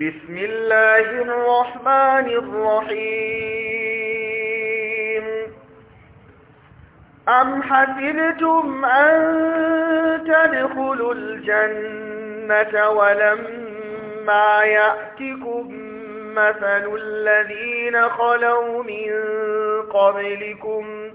بسم الله الرحمن الرحيم أم حسبتم أن تدخلوا الجنة ولما يأتكم مثل الذين خلوا من قبلكم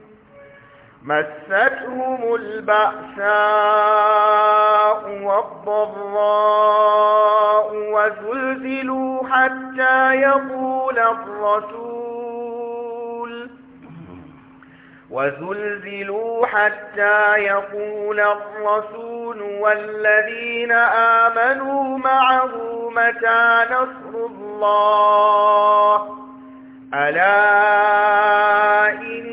مستهم البأساء والضراء وزلزلوا حتى يقول الرسول وزلزلوا حتى يقول الرسول والذين آمنوا معه متى نصر الله ألا إن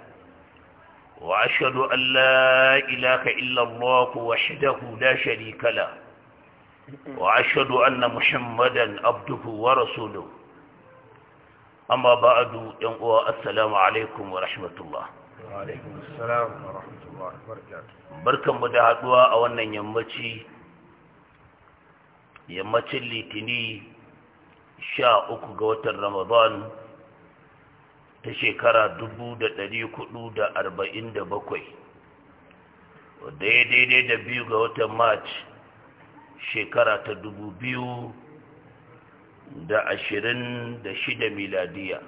وأشهد أن لا إله إلا الله وحده لا شريك له وأشهد أن محمدا عبده ورسوله أما بعد السلام عليكم ورحمة الله وعليكم السلام ورحمة الله وبركاته بركة مدهدوا أولا يمتي يمتي اللي تني شاء أكو رمضان ta shekara dubu da ɗari kuɗu da arba'in da bakwai wadda ya daidai da biyu ga watan march shekara ta dubu biyu da ashirin da shida miladiya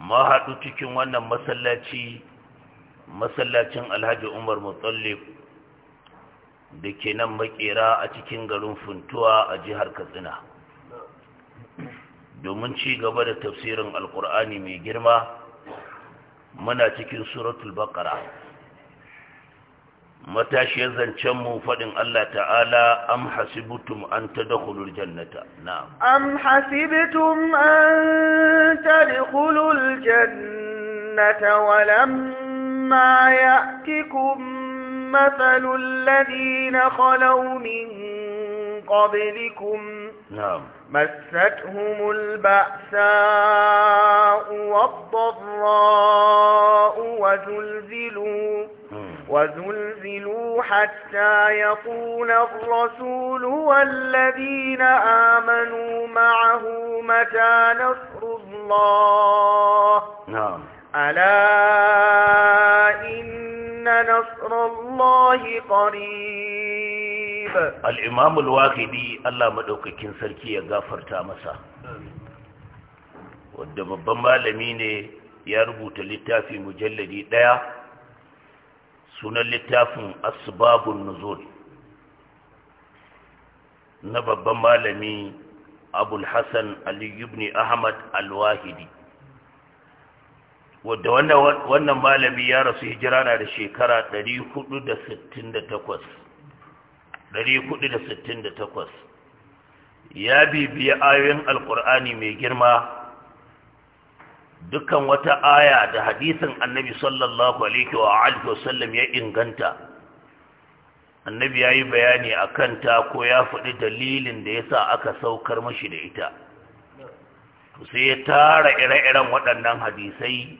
ma haɗu cikin wannan masallaci masallacin alhaji umar mutallif da ke nan makera a cikin garin funtuwa a jihar katsina domin ci gaba da tafsirin alkur'ani mai girma muna cikin suratul baqara matashiyar zancen mu faɗin Allah ta'ala am hasibtum an tadkhulul jannata na'am am hasibtum an tadkhulul jannata wa lamma ya'tikum mathalul ladina khalaw min qablikum na'am مستهم البأساء والضراء وزلزلوا وزلزلوا حتى يقول الرسول والذين آمنوا معه متى نصر الله نعم ألا إن نصر الله قريب al-imam al Allah maɗaukakin sarki ya gafarta masa wanda babban malami ne ya rubuta littafi mujalladi ɗaya, sunan littafin asbabun nuzul na babban malami abul hassan ahmad al-wahidi wadda wannan malami ya rasu hijira na da shekara 468 468 ya bibiya ayoyin alkur'ani mai girma dukkan wata aya da hadisin annabi sallallahu alaihi wa alihi wasallam ya inganta annabi ya yi bayani a ta, ko ya faɗi dalilin da ya sa aka saukar mashi da ita sai ya tara ire-iren waɗannan hadisai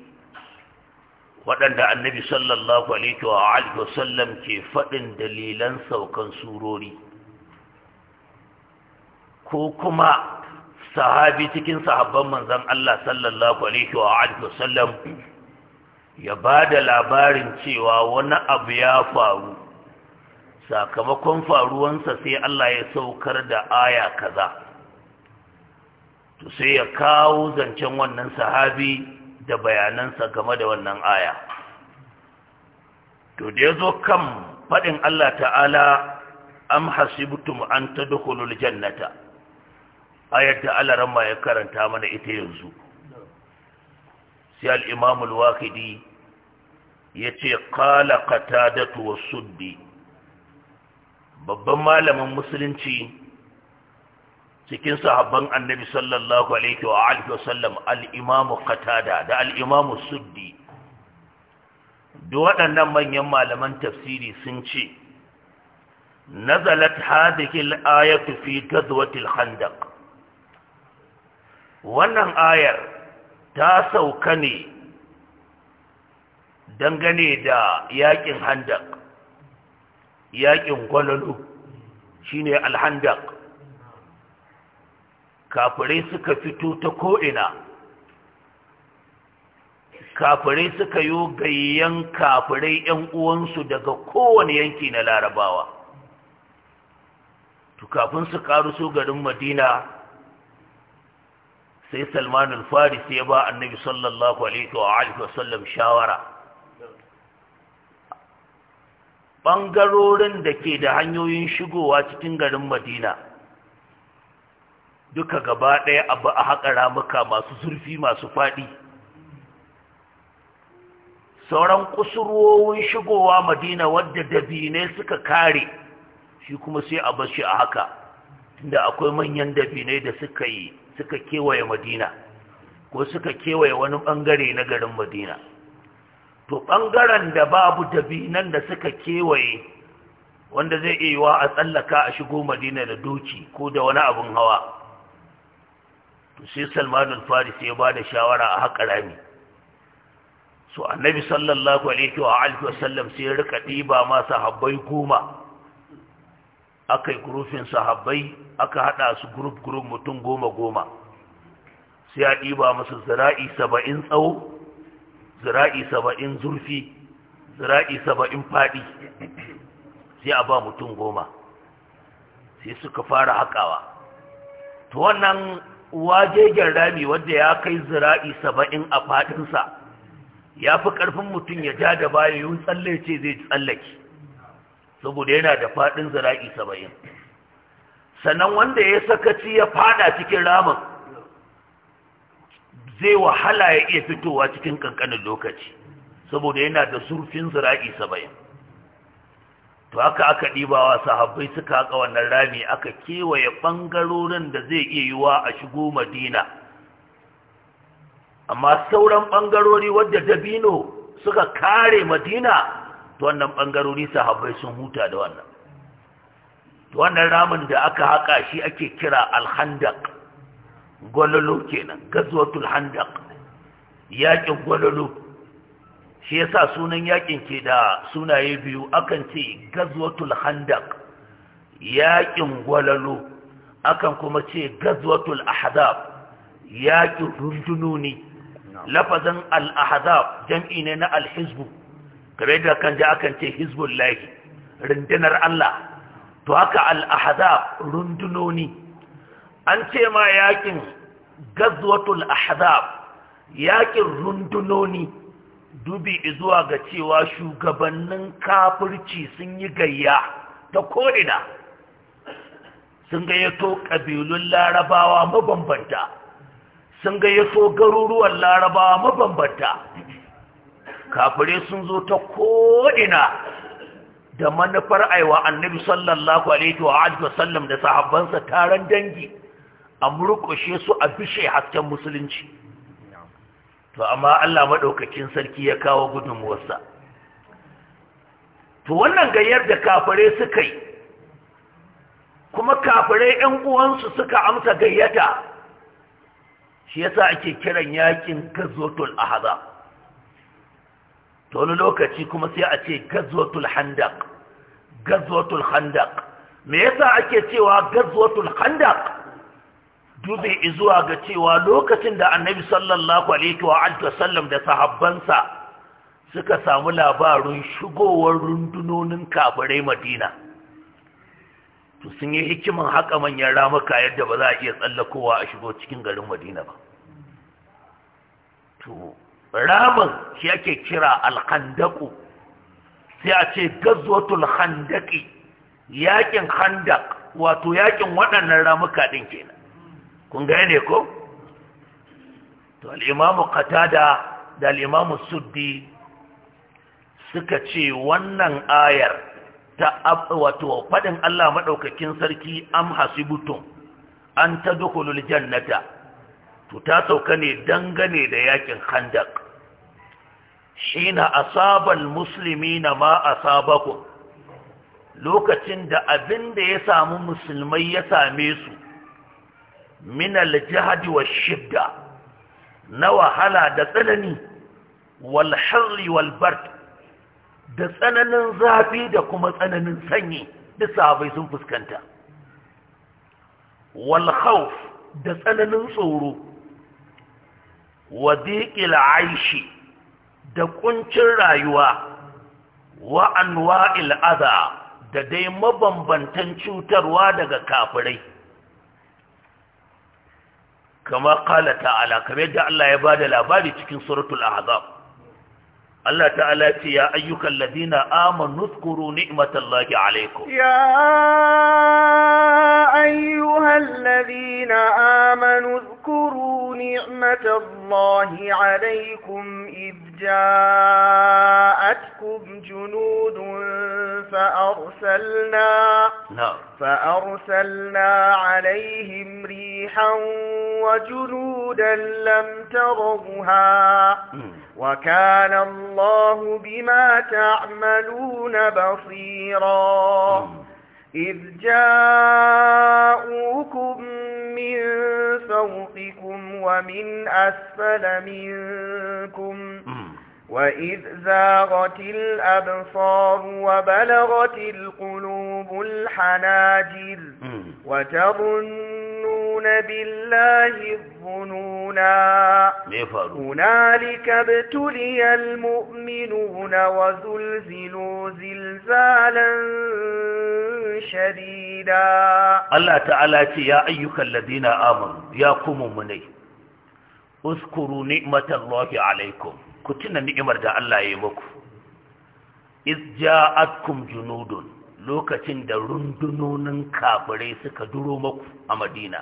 waɗanda annabi sallallahu alaihi wa alihi wa sallam ke faɗin dalilan saukan surori ko kuma sahabi cikin sahabban manzon Allah sallallahu alaihi wa alihi wa sallam ya ba da labarin cewa wani abu ya faru sakamakon faruwansa sai Allah ya saukar da aya kaza to sai ya kawo zancen wannan sahabi da bayanansa game da wannan aya to da ya zo kan faɗin Allah ta'ala am hasibtum an tadkhulul jannata ayar da Allah ramma ya karanta mana ita yanzu sai imamul imam ya ce, yace qala da was-suddi babban malamin musulunci cikin sahabban annabi sallallahu alaihi wa alihi wa sallam al-imam qatada da al imamu suddi duk waɗannan manyan malaman tafsiri sun ce nazalat hadhihi al-ayatu fi ghazwati al-khandaq wannan ayar ta sauka ne dangane da yakin handaq yakin gwalalu shine al-handaq kafirai suka fito ta ko'ina kafirai suka yi gayyan kafirai 'yan uwansu daga kowane yanki na larabawa kafin su su garin madina sai salman al-faris ya ba annabi sallallahu alaihi wa sallam shawara ɓangarorin da ke da hanyoyin shigowa cikin garin madina duka gaba ɗaya abu a haƙa ramuka masu zurfi masu faɗi sauran kusurwowin shigowa madina wadda dabinai suka kare shi kuma sai a bashi a haka tunda akwai manyan dabinai da suka yi suka kewaye madina ko suka kewaye wani ɓangare na garin madina to ɓangaren da babu dabinan da suka kewaye wanda zai iya yiwa a tsallaka a shigo madina da doki ko da wani abin hawa sai al faris ya ba da shawara a haƙa rami so annabi sallallahu alaihi wa alihi wasallam sai ya rika ɗiba ma sahabbai goma aka yi gurufin sahabbai aka haɗa su gurup gurup mutum goma goma sai ya ɗiba musu zira'i saba'in tsawo zira'i saba'in zurfi zira'i saba'in faɗi sai a ba mutum goma sai suka fara haƙawa to wannan wajegen rami wanda ya kai zira'i saba'in a fadinsa, ya fi ƙarfin mutum ya ja da baya yi tsalle ce zai tsallake saboda yana da fadin zira'i saba'in sannan wanda ya sakaci ya fada cikin ramin zai wahala ya iya fitowa cikin ƙanƙanin lokaci saboda yana da zurfin zira'i saba'in to haka aka ɗibawa sahabbai suka haka wannan rami aka kewaye ɓangarorin da zai iya yiwa a shigo madina amma sauran ɓangarori wadda dabino suka kare madina to wannan ɓangarori sahabbai sun huta da wannan to wannan ramin da aka haƙa shi ake kira alhandak gwalolo kenan gazwatul handak yaƙin gwalolo shi yasa sunan yakin ke da sunaye biyu akan ce gazwatul handak yakin gwalalo akan kuma ce gazwatul ahzab yakin rundununi lafazin al-ahzab jam'i ne na al-hizbu kare da kan ji akan ce hizbullahi rundunar Allah to haka al-ahzab rundununi an ce ma yakin gazwatul ahzab yakin rundunoni dubi zuwa ga cewa shugabannin kafirci sun yi gayya ta ko'ina sun gayyato ƙabilun larabawa mabambanta sun gayyato garuruwan larabawa mabambanta kafirai sun zo ta ko'ina da manufar aiwa annabi sallallahu alaihi wa alihi wasallam da sahabbansa taron dangi a murƙushe su a bishe hasken musulunci to amma Allah maɗaukakin sarki ya kawo gudunmuwarsa to wannan gayyar da kafare suka yi kuma kafare ‘yan uwansu suka amsa gayyata shi yasa ake kiran yakin gazotul ahza to wani lokaci kuma sai a ce gazotul handaq gazotul handaq me yasa ake cewa gazotul handaq dube zuwa ga cewa lokacin da annabi sallallahu alaihi wa alihi da sahabbansa suka samu labarin shigowar rundunonin kabarai madina to sun yi hikiman haka manyan ramuka yadda ba za a iya tsallakowa a shigo cikin garin madina ba to ramin shi ake kira alhandaku sai a ce gazzotul handaki yakin handak wato yakin waɗannan ramuka ɗin kenan kun gane ko to al'imamu qatada da al'imamu suddi suka ce wannan ayar ta wato faɗin Allah maɗaukakin sarki am hasibutun an ta dukulul jannata to ta sauka ne dangane da yakin khandak shina asabal musulmi na ma asabakun lokacin da abin da ya samu musulmai ya same su min al-jahdi wash-shidda na wahala da tsanani wal harri wal bard da tsananin zafi da kuma tsananin sanyi duk sahabbai sun fuskanta wal khawf da tsananin tsoro wa aishi da kuncin rayuwa wa anwa'il adha da dai mabambantan cutarwa daga kafirai kama kala ta'ala kamar yadda Allah ya bada labari cikin suratul ahzab Allah ta'ala ce ya ayyukan ladina amanu zkuru ni'matallahi alaikum ya ayyuhal ladina amanu واذكروا نعمة الله عليكم إذ جاءتكم جنود فأرسلنا نعم. فأرسلنا عليهم ريحا وجنودا لم تروها وكان الله بما تعملون بصيرا إذ جاءوكم من فوقكم ومن أسفل منكم وإذ زاغت الأبصار وبلغت القلوب الحناجر وتظنون بالله الظنونا هنالك ابتلي المؤمنون وزلزلوا زلزالا Allah ta’ala ce, “Ya ayyukan ladina amur, ya kuma muni, uskuru ni’matan lafi alaikum, ku tuna ni’imar da Allah ya yi muku, Isja ja junudun lokacin da rundunonin kafirai suka duro muku a madina,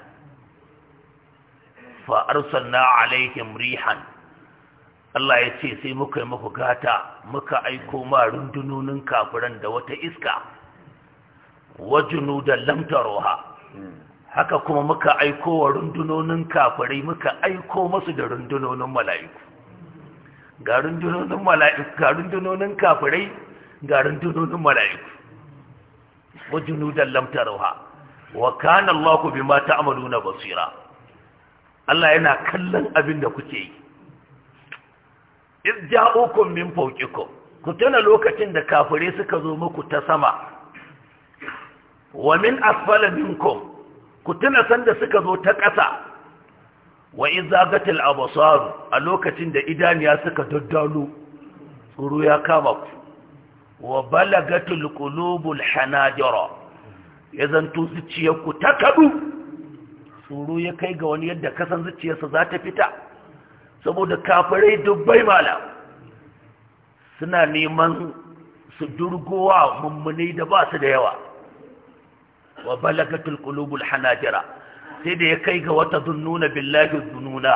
fa’ar sannan alaikin rihan. Allah ya ce sai muka yi muku gata muka aiko ma rundunonin kafiran da wata iska wajinu da lamtaroha haka kuma muka aiko wa rundunonin kafirai muka aiko masu da rundunonin mala'iku ga rundunonin mala'iku ga rundunonin kafirai ga rundunonin mala'iku wajinu da lamtaroha wa kana Allahu bima ta'maluna basira Allah yana kallon abin da kuke yi iz ja'ukum min fawqikum ku tuna lokacin da kafirai suka zo muku ta sama wa min asfala minkum ku tuna sanda suka zo ta ƙasa wa izagatil abasar a lokacin da idaniya suka daddalo tsoro ya kama ku wa balagatul qulubul hanajara ya zanto ku ta kadu tsoro ya kai ga wani yadda kasan zuciyarsa za ta fita saboda kafirai dubbai mala suna neman su durgowa mummuni da ba su da yawa wa balagatul qulubul hanajira sai da ya kai ga wata dununa billahi zununa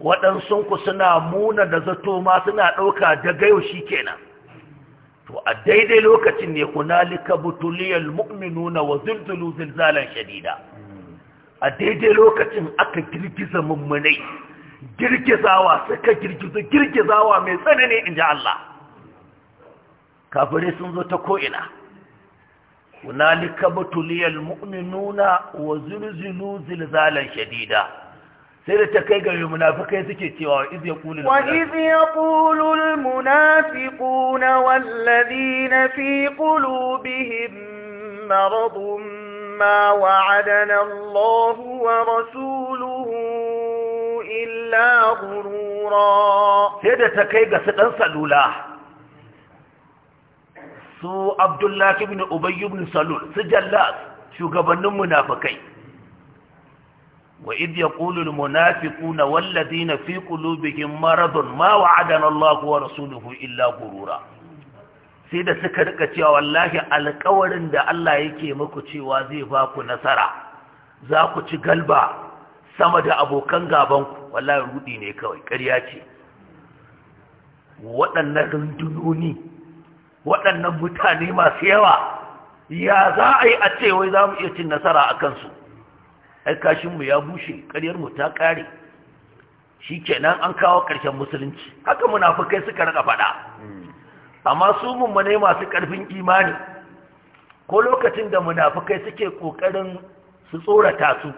waɗansu ku suna muna da zato ma suna ɗauka da yau shi kenan to a daidai lokacin ne kunalika butuliyal mu'minuna wa zulzulu zilzalan shadida a daidai lokacin aka girgiza mummunai girgizawa suka girgiza girgizawa mai tsanani inji Allah kafirai sun zo ta ko'ina hunalika batuliyal mu'minuna wa zulzilu zilzalan shadida sai da ta kai ga munafikai suke cewa iz yaqulu wa iz yaqulu al munafiquna wal na fi qulubihim maradun ma wa'adana Allah wa rasuluhu illa ghurura sai da ta kai ga su ɗan salula su abdullahi bin ubay ibn salul su jallas shugabannin munafikai wa idh yaqulu al munafiquna wal ladina fi qulubihim maradun ma wa'adana Allah wa rasuluhu illa gurura sai da suka rika cewa wallahi alƙawarin da Allah yake muku cewa zai ba ku nasara za ku ci galba sama da abokan gabanku wallahi rudi ne kawai ƙarya ce waɗannan rundunoni waɗannan mutane masu yawa ya za a yi a ce wai za mu iya cin nasara a kansu ai kashinmu ya bushe ƙaryarmu ta ƙare shi kenan an kawo ƙarshen musulunci haka munafukai suka raka faɗa amma su ne masu ƙarfin imani ko lokacin da munafukai suke ƙoƙarin su tsorata su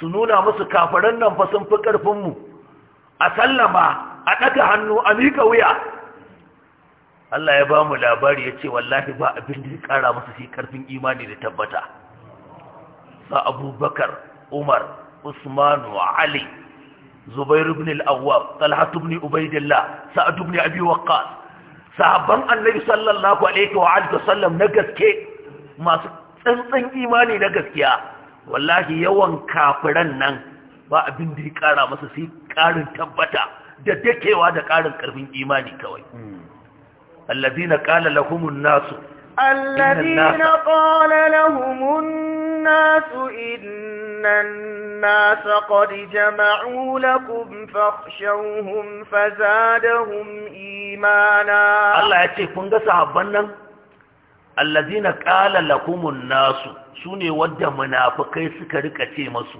su nuna musu kafaran nan fa sun fi ƙarfinmu a sallama a ɗaga hannu a miƙa wuya Allah ya ba mu labari ya ce wallahi ba abin da ya kara masa shi karfin imani da tabbata sa abubakar umar usmanu ali zubair ibn al-awwab talha ibn ubaydillah sa'ad ibn abi waqqas sahabban annabi sallallahu alaihi wa alihi wasallam na gaske masu tsantsan imani na gaskiya wallahi yawan kafiran nan ba abin da ya kara masa shi karin tabbata da dakewa da karin karfin imani kawai hmm. الذين قال لهم الناس الذين قال لهم الناس إن الناس قد جمعوا لكم فاخشوهم فزادهم إيمانا الله يتي كنغا صحابنا الذين قال لكم الناس سوني ود منافقي سكرك تيمسو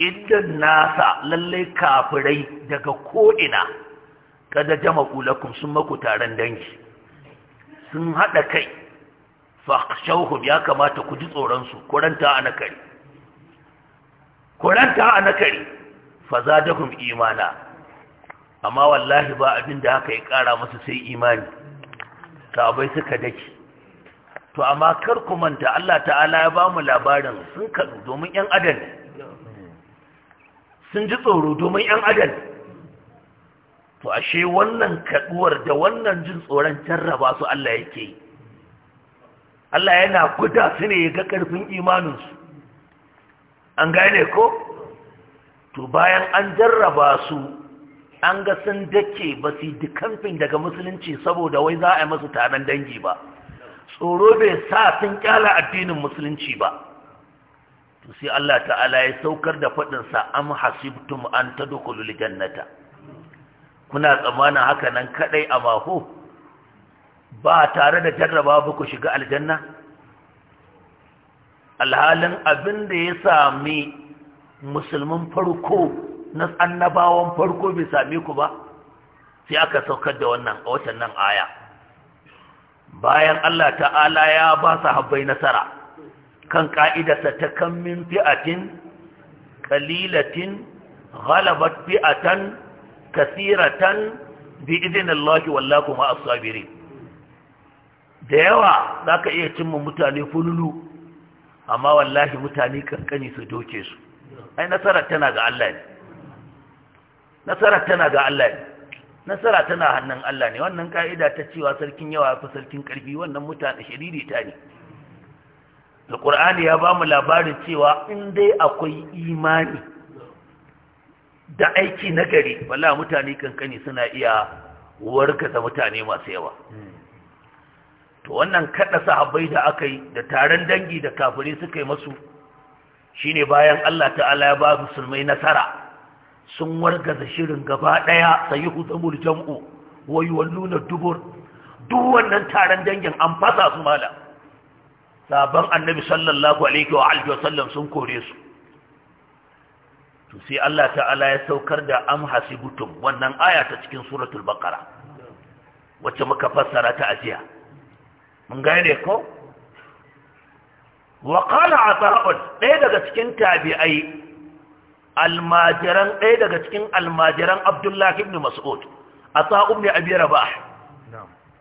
إن الناس للي كافري دقا كوئنا kada jama lakum sun maku taron dangi sun haɗa kai fahshauhum ya kamata ku ji tsoronsu kuranta a nakari kuranta a nakari fazadahum imana amma wallahi ba abin da haka ya ƙara masu sai imani sabai suka daki to amma kar ku manta Allah ta'ala ya ba mu labarin sun kaɗu domin 'yan adam sun ji tsoro domin 'yan adam to ashe wannan kaduwar da wannan jin tsoron jarraba su Allah yake yi Allah yana guda su ne ga karfin imaninsu an gane ko to bayan an jarraba su an ga sun dake ba su dukamfin daga musulunci saboda wai za a yi masu taron dangi ba tsoro bai sa sun kyala addinin musulunci ba to sai Allah ta'ala ya saukar da faɗinsa am hasibtum an tadkhulul jannata kuna tsammanin haka nan kadai a mako ba tare da jarraba ba ku shiga aljanna alhalin abin da ya sami musulmin farko na annabawan farko bai sami ku ba sai aka saukar da wannan a watan nan aya bayan Allah ta'ala ya ba su habbai nasara kan ƙa'idarsa ta kan fi'atin qalilatin ghalabat fi'atan kasiratan bi idinillahi wallahu ma as-sabirin da yawa ka iya cimma mutane fululu amma wallahi mutane kankani su doke su ai nasara tana ga Allah ne nasara tana ga Allah ne nasara tana hannun Allah ne wannan ka'ida ta cewa sarkin yawa fa sarkin karfi wannan mutane shiriri ta ne alqur'ani ya ba mu labarin cewa in dai akwai imani da aiki na gari wallahi mutane kankani suna iya warkata mutane masu yawa to wannan kada sahabbai da aka yi da taron dangi da kafirai suka yi masu shine bayan Allah ta'ala ya ba musulmai nasara sun wargaza shirin gaba daya sayyihu zamul jam'u wa walluna dubur duk wannan taron dangin an fasa su mala sabon annabi sallallahu alaihi wa alihi wa sallam sun kore su to sai Allah ta'ala ya saukar da am hasibtum wannan aya ta cikin suratul baqara wacce muka fassara ta ajiya mun gane ko wa qala ata'un ɗaya daga cikin tabi'ai almajiran daga cikin almajiran Abdullahi ibn Mas'ud ata'u ibn Abi Rabah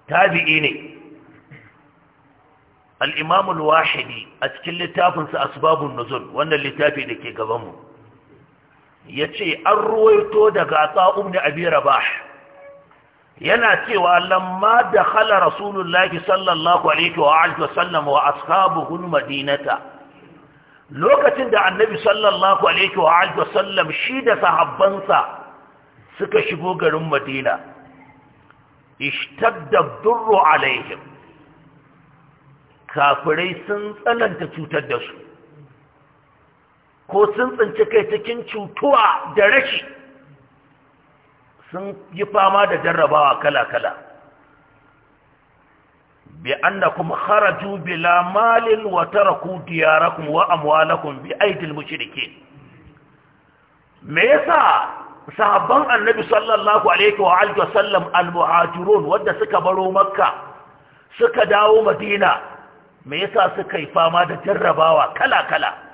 tabi'i ne al-Imam al-Wahidi a cikin littafinsa Asbabun Nuzul wannan littafi da ke gabanmu ya ce an ruwaito daga tsa'um da abi rabah yana cewa lamma da khala rasulullahi sallallahu alaihi wa alihi wasallam wa ashabuhu madinata lokacin da annabi sallallahu alaihi wa alihi wasallam shi da sahabbansa suka shigo garin madina ishtadda durru alaihim kafirai sun tsananta cutar da su ko sun tsinci kai cikin cutuwa da rashi sun yi fama da jarrabawa kala-kala bi annakum kharaju bila malin wa taraku diyarakum wa amwalakum bi aidil mushrikeen me yasa sahabban annabi sallallahu alaihi wa alihi wasallam almuhajirun wanda suka baro makka suka dawo madina me yasa suka yi fama da jarrabawa kala-kala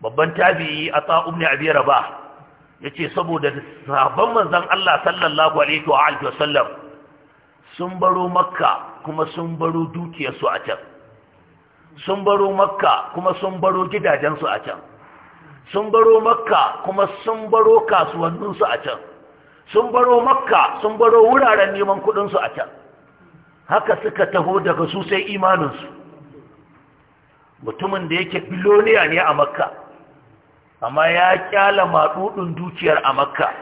babban tabi'i a biyar ba? Ya ce saboda sabon manzan Allah sallallahu alaihi wa alihi wasallam sun baro makka kuma sun baro dukiyarsu a can sun baro makka kuma sun baro gidajensu a can sun baro makka kuma sun baro kasuwanninsu a can sun baro makka sun baro wuraren neman kudinsu a can haka suka taho daga su sai imaninsu mutumin da yake biloniya ne a makka amma ya kyala maɗuɗin dukiyar a makka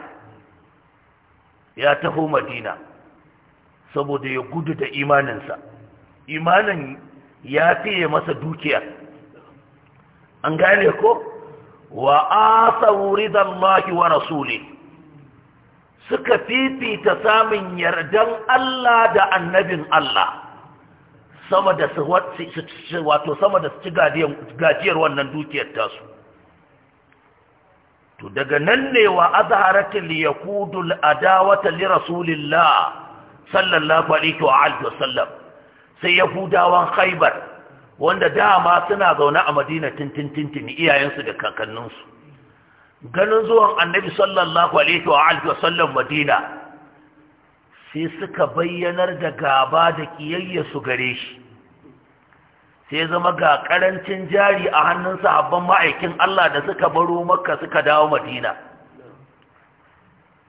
ya taho madina saboda ya gudu da imaninsa imanin ya fiye masa dukiyar an gane ko wa asa wuridan lahi wa rasuli suka fifita samun yardan Allah da annabin Allah sama da su wato sama da su ci gajiyar wannan dukiyar tasu to daga nan ne wa azharatul yakudul adawata li rasulillah sallallahu alaihi wa alihi wasallam sai yahudawan khaybar wanda dama suna zaune a madina tintintintin iyayensu da kakanninsu ganin zuwan annabi sallallahu alaihi wa alihi wasallam madina sai suka bayyanar da gaba da kiyayya su gare shi sai zama ga karancin jari a hannun sahabban ma'aikin Allah da suka baro makka suka dawo madina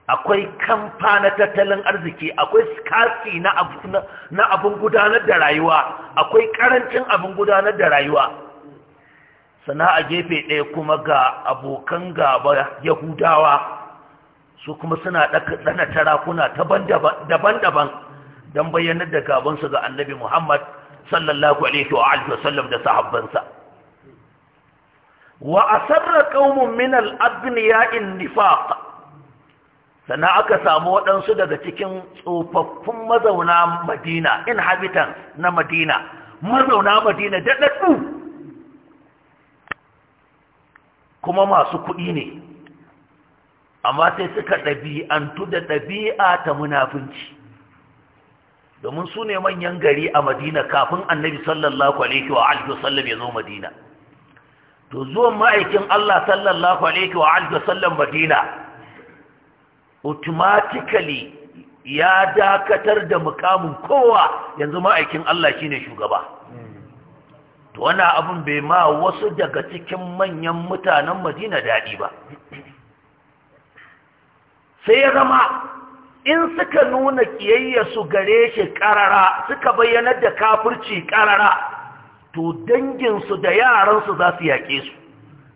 akwai kamfa na tattalin arziki akwai skasi na abin gudanar da rayuwa akwai karancin abin gudanar da rayuwa sana a gefe ɗaya kuma ga abokan gaba yahudawa su kuma suna ɗana tarakuna daban-daban don bayyanar da gabansu ga annabi muhammad sallallahu alaihi wa alihi wasallam da sahabbansa wa asarra qaumun min al-aghniya nifaq sannan aka samu waɗansu daga cikin tsofaffin mazauna Madina inhabitants na Madina mazauna Madina daɗaɗɗu kuma masu kuɗi ne amma sai suka ɗabi'antu da ɗabi'a ta munafunci domin su ne manyan gari a madina kafin annabi sallallahu alaihi wa alihi wasallam ya zo madina to zuwan ma'aikin Allah sallallahu alaihi wa alihi wasallam madina automatically ya dakatar da mukamin kowa yanzu ma'aikin Allah shine shugaba to wani abin bai ma wasu daga cikin manyan mutanen madina daɗi ba sai ya zama in suka nuna kiyayya su gare shi karara suka bayyanar da kafirci karara to danginsu da yaransu za su yaƙe su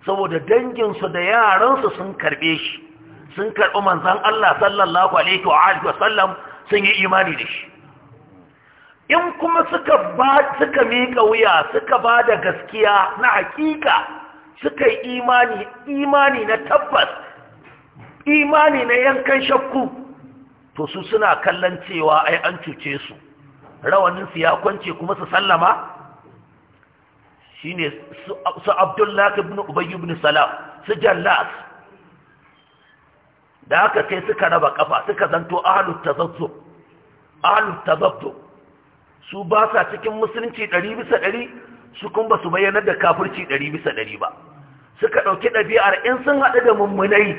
saboda danginsu da yaransu sun karɓe shi sun karɓi manzan Allah sallallahu alaihi wa sallam sun yi imani da shi in kuma suka ba suka miƙa wuya suka ba da gaskiya na hakika suka yi imani imani na tabbas imani na yankan shakku to su suna kallon cewa ai an cuce su rawaninsu ya kwance kuma su sallama shine su abdullahi ibn ubayy ibn salam su jallas da haka sai suka raba kafa suka zanto ahlut tazazzub ahlut su ba sa cikin musulunci 100 bisa ɗari, su kuma ba su bayyana da kafirci 100 bisa ɗari ba suka ɗauki ɗabi'ar. in sun haɗu da mummunai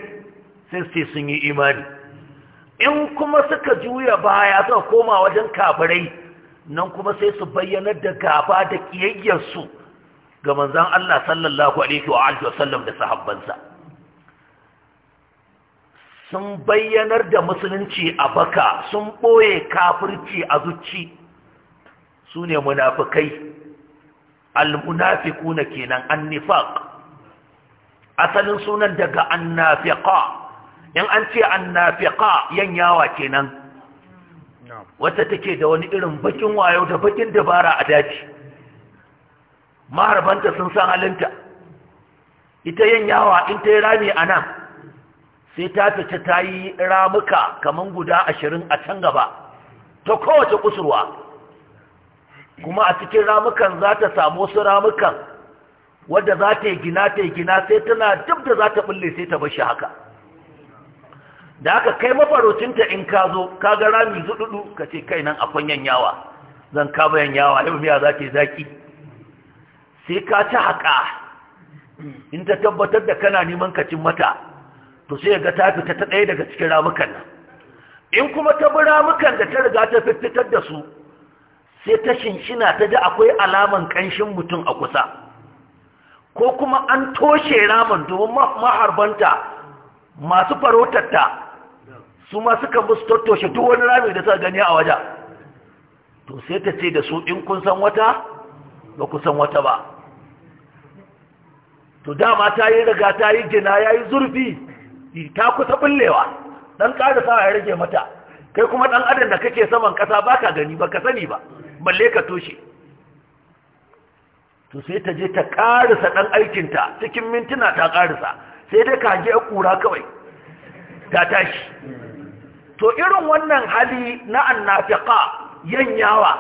sai sai sun yi imani in kuma suka juya baya suka koma wajen kafirai nan kuma sai su bayyanar da gaba da kiyayyarsu ga manzan Allah sallallahu alaihi wa alihi wasallam da sahabbansa sun bayyanar da musulunci a baka sun boye kafirci a zuci su ne munafikai al-munafiquna kenan an nifaq. asalin sunan daga an annafiqa in an ce an annafiqa yanyawa kenan wata take da wani irin bakin wayo da bakin dabara a daji maharbanta sun san halinta ita yanyawa in ta yi rami a nan sai ta fita ta yi ramuka kamar guda ashirin a can gaba ta kowace kusurwa kuma a cikin ramukan za ta samu wasu ramukan wadda za ta yi gina ta yi gina sai tana duk da za ta bulle sai ta bar shi haka da aka kai mafarocinta in ka zo ka ga rami zuɗuɗu ka ce kai nan akwai yanyawa zan kama yanyawa yau miya za ta zaki sai ka ci haƙa in ta tabbatar da kana neman ka cin mata to sai ga ta fita ta ɗaya daga cikin ramukan nan in kuma ta bi ramukan da ta riga ta fitar da su sai ta shinshina ta ji akwai alaman ƙanshin mutum a kusa ko kuma an toshe ramin domin maharbanta masu farautarta su ma suka musu tattoshe duk wani rami da suka gani a waje to sai ta ce da su in kun san wata ba ku san wata ba to dama ta yi riga ta yi jina ya yi zurfi ta kusa bullewa Ɗan ƙara sa ya rage mata kai kuma ɗan adam da kake saman ƙasa ba ka gani ba ka sani ba balle ka toshe to sai ta je ta ƙarisa ɗan aikinta cikin mintuna ta ƙarisa sai dai ka je ƙura kawai ta tashi to irin wannan hali na annafiqa yanyawa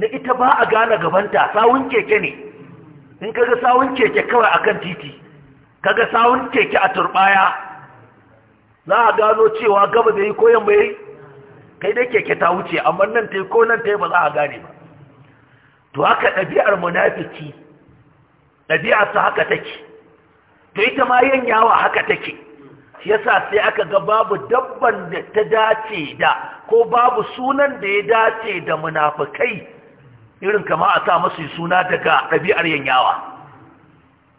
na ita ba a gane gabanta sawun keke ne in kaga sawun keke kawai akan titi kaga sawun keke a turbaya za a gano cewa gaba da yi ko yamma yi kai dai keke ta wuce amma nan ta yi ko nan ta yi ba za a gane ba to haka ɗabi'ar munafiki ɗabi'arsa haka take to ita ma yanyawa haka take yasa sai aka ga babu dabban da ta dace da ko babu sunan da ya dace da munafikai irin kama a sa masu suna daga ɗabi'ar yanyawa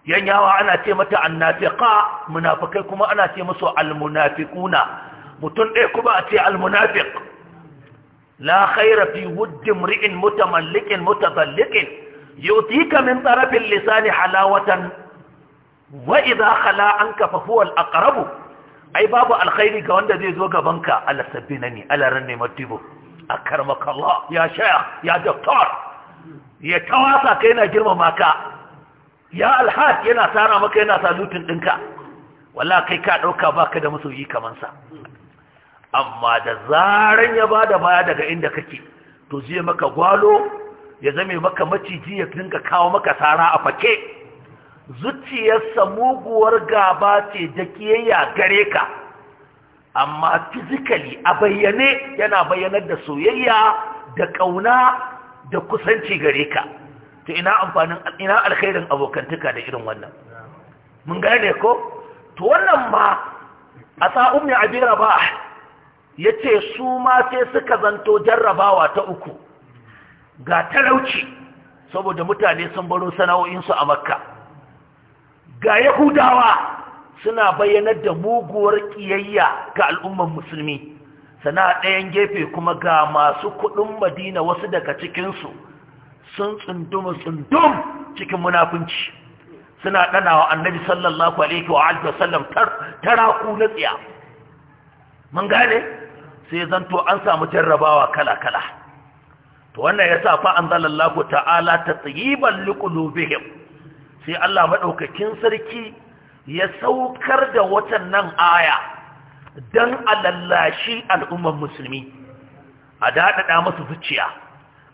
yanyawa ana ce mata annafiqa munafikai kuma ana ce musu almunafiquna mutum ɗaya kuma a ce almunafiq la khaira fi wuddi mri'in mutamalliqin mutazalliqin yutika min tarafin lisani halawatan wa idha khala anka fa huwa al-aqrabu ai babu alkhairi ga wanda zai zo gaban ka sabbina ni ala ranne matibu akarmaka Allah ya shaya ya doktor ya tawasa kai na girmama ka ya alhad yana tara maka yana salutin dinka wallahi kai ka dauka baka da masoyi kaman sa amma da zaran ya bada baya daga inda kake to zai maka gwalo ya zame maka maciji ya dinka kawo maka sara a fake zuciyarsa muguwar gaba ce da kiyayya gare ka amma fizikali a bayyane yana bayyanar da soyayya da ƙauna da kusanci gare ka to ina amfanin ina alkhairin abokantaka da irin wannan mun gane ko to wannan ma a sa'un mai abira ba ya ce su ma sai suka zanto jarrabawa ta uku ga talauci saboda mutane sun baro sana'o'insu a makka ga yahudawa suna bayyanar da muguwar ƙiyayya ga al'ummar musulmi sana ɗayan gefe kuma ga masu kuɗin madina wasu daga cikinsu sun tsundum tsundum cikin munafunci suna ɗanawa annabi sallallahu alaihi wa sallam ku na tsiya mun gane sai zanto an samu jarrabawa kala-kala to wannan ya sa an zalallahu ta'ala ta tsiyiban lukulubihim sai Allah maɗaukakin sarki ya saukar da watan nan aya don a lallashi al'umman musulmi a daɗaɗa masu zuciya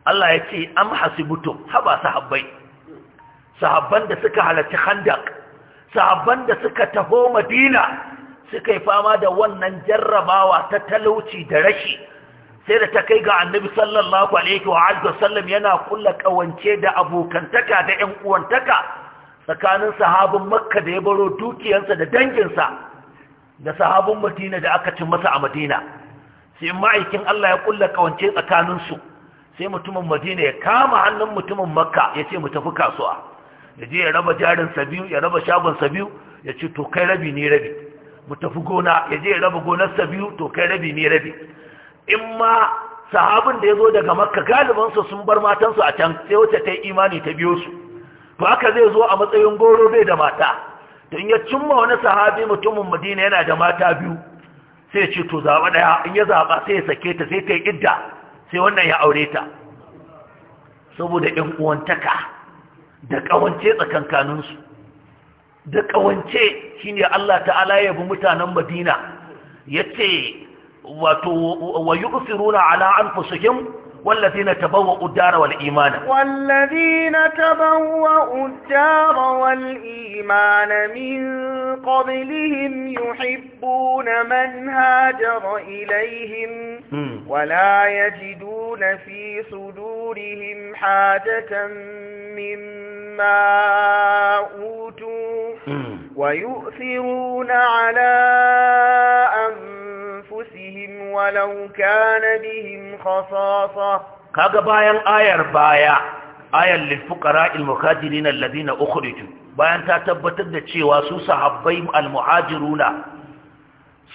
Allah ya ce an hasibutum haba sahabbai sahabban da suka halarci handak sahabban da suka taho madina suka yi fama da wannan jarrabawa ta talauci da rashi sai da ta kai ga annabi sallallahu alaihi wa sallam yana kulla kawance da abokantaka da yan uwantaka tsakanin sahabin makka da ya baro dukiyarsa da danginsa da sahabin madina da aka cin masa a madina sai ma'aikin Allah ya kulla kawance tsakaninsu sai mutumin madina ya kama hannun mutumin makka ya ce mu tafi kasuwa ya je ya raba jarinsa biyu ya raba shagon sa biyu ya ce to kai rabi ne rabi mu tafi gona ya je ya raba gonar sa biyu to kai rabi ne rabi in ma sahabin da ya zo daga makka galibansu sun bar matansu a can sai wacce ta yi imani ta biyo su ba haka zai zo a matsayin goro bai da mata don ya cimma wani sahabi mutumin madina yana da mata biyu sai ce to zaɓa ɗaya in ya zaɓa sai ya sake ta sai ta yi idda sai wannan ya aure ta saboda ‘yan uwantaka da ƙawance tsakankaninsu da ƙawance shine Allah ta'ala ya bi mutanen madina ya ce wato wa yi ala an والذين تبوأوا الدار والإيمان والذين تبوأوا الدار والإيمان من قبلهم يحبون من هاجر إليهم ولا يجدون في صدورهم حاجة مما أوتوا ويؤثرون على أنفسهم ولو كان بهم خصاصة kaga bayan ayar baya ayar lilfuqara almuhajirin alladhina ukhriju bayan ta tabbatar da cewa su sahabbai almuhajiruna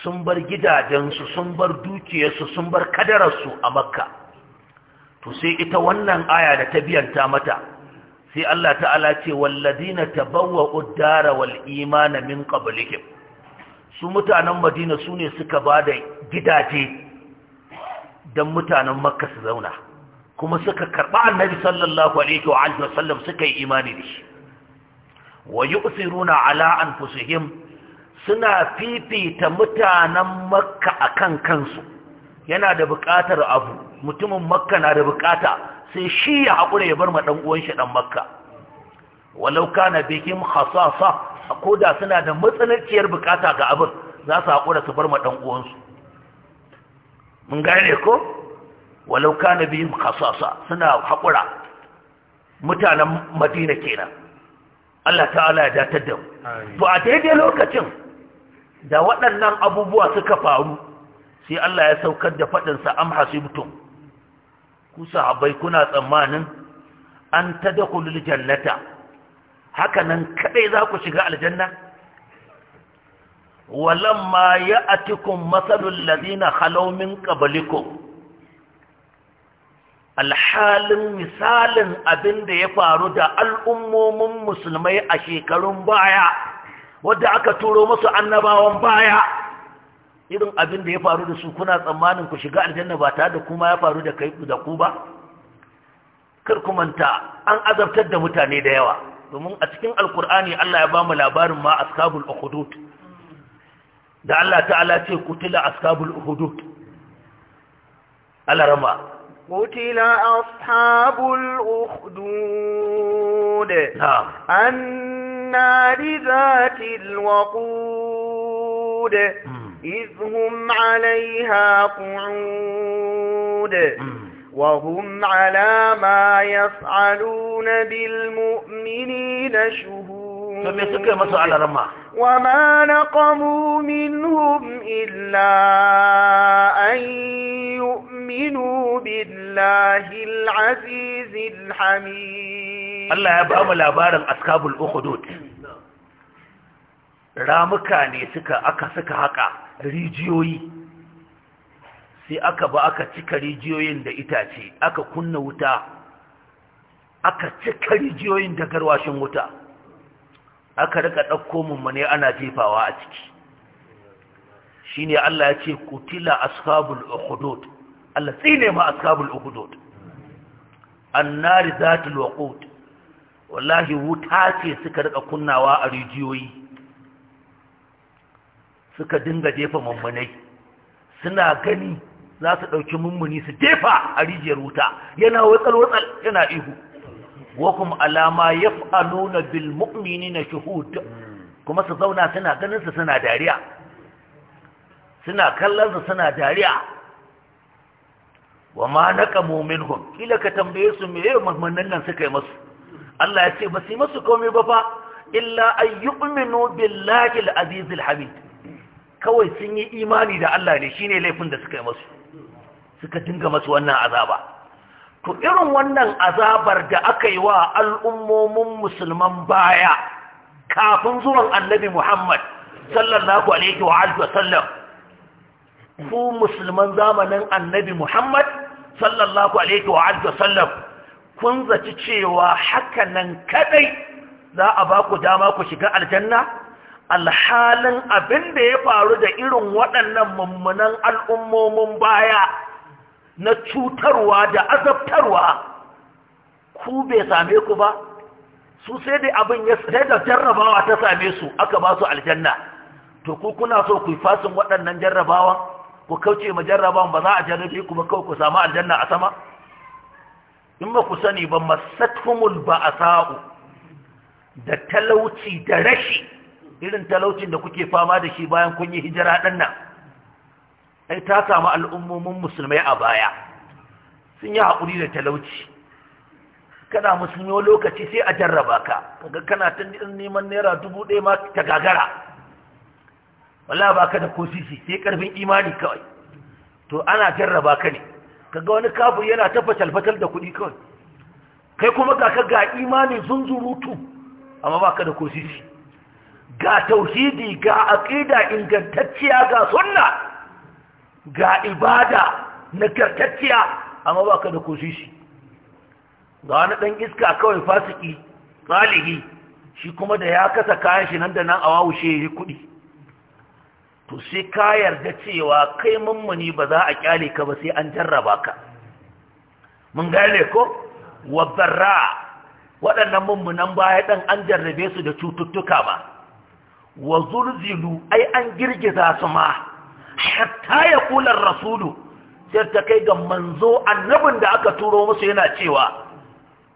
sun bar gidajensu sun bar dukiyarsu sun bar kadararsu a makka to sai ita wannan aya da ta ta mata sai Allah ta'ala ce walladina tabawwa'u dara wal imana min qablihim su mutanen Madina sune suka bada gidaje don mutanen makka su zauna kuma suka karɓa annabi sallallahu alaihi wa alihi wasallam suka yi imani da shi wa yu'thiruna ala anfusihim suna fifita mutanen makka akan kansu yana da buƙatar abu mutumin makka na da buƙata sai shi ya haƙura ya bar ma ɗan uwan shi ɗan makka walau kana bikin khasasa ko da suna da matsananciyar buƙata ga abin za su haƙura su bar ma ɗan uwansu mun gane ko walau kana biyu kasasa suna haƙura mutanen madina kenan Allah ta'ala ya datar da mu to a daidai lokacin da waɗannan abubuwa suka faru sai Allah ya saukar da faɗinsa am mutum, ku sahabai kuna tsammanin an ta tadkhulul jannata haka nan kaɗai za ku shiga aljanna walamma ya atikun matsalul lazina halaumin ƙabalikun alhalin misalin abin da ya faru da al'ummomin musulmai a shekarun baya wadda aka turo masu annabawan baya irin abin da ya faru da su kuna tsammanin ku shiga aljanna ba ta da kuma ya faru da da ku ba kar ku manta an azabtar da mutane da yawa domin a cikin alkur'ani Allah ya ba mu labarin ma ashabul ukhdud da Allah ta'ala ce kutila ashabul uhudud alarama kutila ashabul uhudud na'am annar zatil waqud إذ هم عليها قعود وهم على ما يفعلون بالمؤمنين شهود to me suka yi masa alarma wa ma naqamu minhum illa an yu'minu billahi al-aziz hamid Allah ya ba mu labarin ashabul ukhdud ramuka ne suka aka suka haka rijiyoyi sai aka ba aka cika rijiyoyin da itace aka kunna wuta aka cika rijiyoyin da garwashin wuta aka rika ɗauko mummune ana jefawa a ciki shine Allah ya ce kutila ashabul uhudud Allah ne ma ashabul ukhdud annari zatul waqud wallahi wuta ce suka rika kunnawa a rijiyoyi suka dinga jefa mummunai suna gani za su ɗauki mummuni su jefa a rijiyar wuta yana watsal-watsal yana ihu wakum alama yaf'aluna bil na shuhud kuma su zauna suna ganin su suna dariya suna kallon su suna dariya wa ma naqamu minhum kila ka tambaye su me yayin nan suka yi musu Allah ya ce ba su musu komai ba fa illa ayyuminu billahi al-aziz al-hamid kawai sun yi imani da Allah ne shine laifin da suka yi musu suka dinga masu wannan azaba to irin wannan azabar da aka yi wa al'ummomin musulman baya kafin zuwan annabi Muhammad sallallahu alaihi wa Alaihi wasallam ku musulman zamanin annabi Muhammad sallallahu alaihi wa Alaihi wasallam kun zaci cewa haka nan kadai za a ba ku dama ku shiga aljanna alhalin abin da ya faru da irin waɗannan mummunan al'ummomin baya na cutarwa da azabtarwa ku bai same ku ba su sai dai abin ya sai da jarrabawa ta same su aka ba su aljanna to ku kuna so ku fasin waɗannan jarrabawa ku kauce ma jarrabawan ba za a jarrabe ku ba kawai ku samu aljanna a sama in ba ku sani ba masatumul sa'u da talauci da rashi irin talaucin da kuke fama da shi bayan kun yi hijira ɗan nan ai ta samu al'ummomin musulmai a baya sun yi haƙuri da talauci kana musulmi lokaci sai a jarraba ka kaga kana ta neman naira dubu ɗaya ma ta gagara wala ba ka da ko sisi sai karfin imani kawai to ana jarraba ka ne kaga wani kafin yana ta fatal da kuɗi kawai kai kuma ga ka ga imani zunzurutu amma ba ka da ko sisi ga tauhidi ga aƙida ingantacciya ga sunna ga ibada na nagartacciya amma ba ka da kusishi ga wani ɗan iska kawai fasiki tsalihi shi kuma da ya kasa kayan shi nan da nan a wawushe ya yi kuɗi to sai ka yarda cewa kai mummuni ba za a kyale ka ba sai an jarraba ka mun gane ko wa barra waɗannan mummunan baya ɗan an jarrabe su da cututtuka ba wa zurzilu ai an girgiza su ma hatta ya kular rasulu sai ta kai ga manzo annabin da aka turo musu yana cewa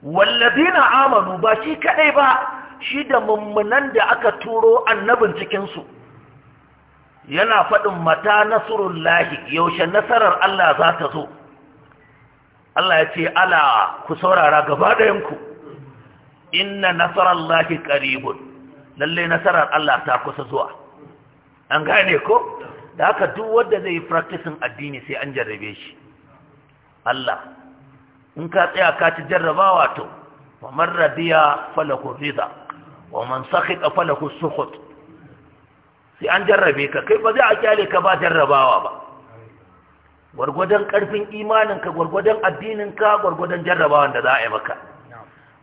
wallazina amanu ba shi kadai ba shi da mummunan da aka turo annabin cikinsu yana faɗin mata nasarullahi yaushe nasarar Allah za ta zo Allah ya ce ala ku saurara gaba ɗayanku inna Lahi qaribun lalle nasarar Allah ta kusa zuwa an gane ko da haka duk wanda zai yi practicing addini sai an jarrabe shi Allah in ka tsaya ka ci jarrabawa to wa man radiya falahu ridha wa man sakhita falahu sukhut sai an jarrabe ka kai ba zai a kyale ka ba jarrabawa ba gwargwadon karfin imaninka gwargwadon addininka gwargwadon jarrabawan da za a yi maka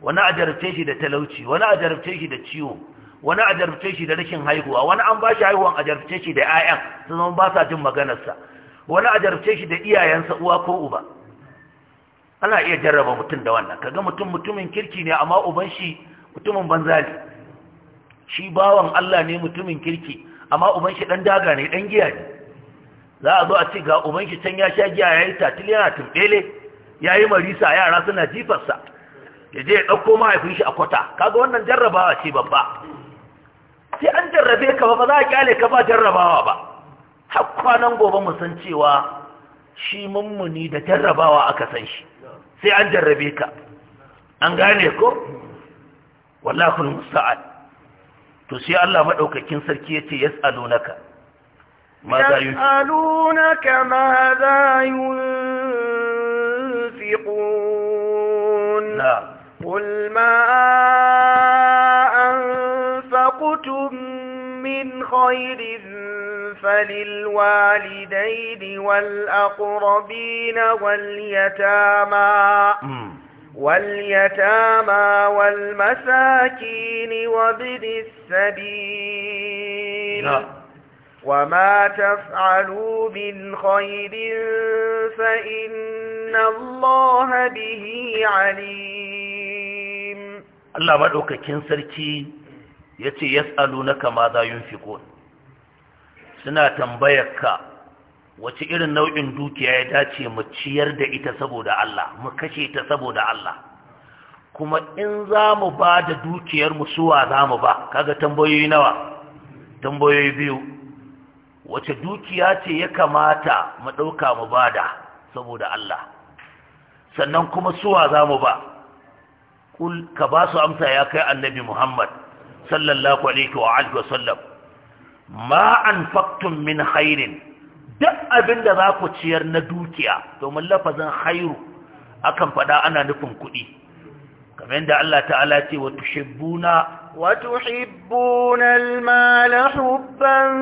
wani a jarabce shi da talauci wani a jarabce shi da ciwo wani a jarfice shi da rashin haihuwa wani an ba shi haihuwan a jarfice shi da 'ya'yan su zama ba sa jin maganarsa wani a jarfice shi da iyayensa uwa ko uba ana iya jarraba mutum da wannan kaga mutum mutumin kirki ne amma uban shi mutumin banza ne shi bawan Allah ne mutumin kirki amma uban shi dan daga ne dan giya ne za a zo a ce ga uban shi can ya sha giya yayi tatil yana tumbele yayi marisa yara suna jifarsa ya je ya dauko mahaifin shi a kwata kaga wannan jarrabawa ce babba sai an jarrabe ka ba ba za a kyale ka ba jarrabawa ba har kwanan gobe mu san cewa shi mummuni da jarrabawa aka san shi sai an jarrabe ka an gane ko wallahul musta'an to sai Allah madaukakin sarki yace yas'alunaka ماذا يسألونك ماذا ينفقون لا. قل ما أنفقتم من خير فللوالدين والأقربين واليتامى واليتامى والمساكين وابن السبيل وما تفعلوا من خير فإن الله به عليم الله كنسر كي ya ce ka ma za yunfiqun suna tambayarka wace irin nau'in dukiya ya dace mu ciyar da ita saboda Allah mu kashe ta saboda Allah kuma in za mu ba da dukiyar mu suwa za mu ba kaga tambayoyi nawa tambayoyi biyu wace dukiya ce ya kamata mu ɗauka mu da saboda Allah sannan kuma suwa za mu ba ka ba su amsa ya kai annabi Muhammad sallallahu alaihi wa alihi wasallam ma anfaqtum min khairin duk abin da za ku ciyar na dukiya domin lafazin khairu akan fada ana nufin kuɗi kamar yadda Allah ta'ala ce wa tushibbuna wa tuhibbuna al-mala hubban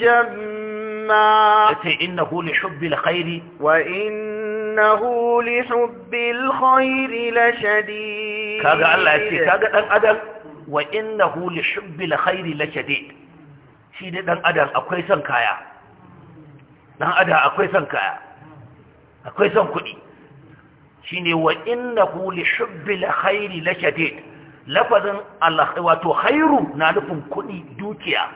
jamma yace innahu li hubbil khairi wa innahu li hubbil khairi la shadid kaga Allah ya yace kaga dan adam wa innahu li hubbil khairi lashadid shi dai dan adam akwai son kaya dan adam akwai son kaya akwai son kuɗi shine wa innahu li hubbil khairi lashadid lafazin Allah wato khairu na nufin kudi dukiya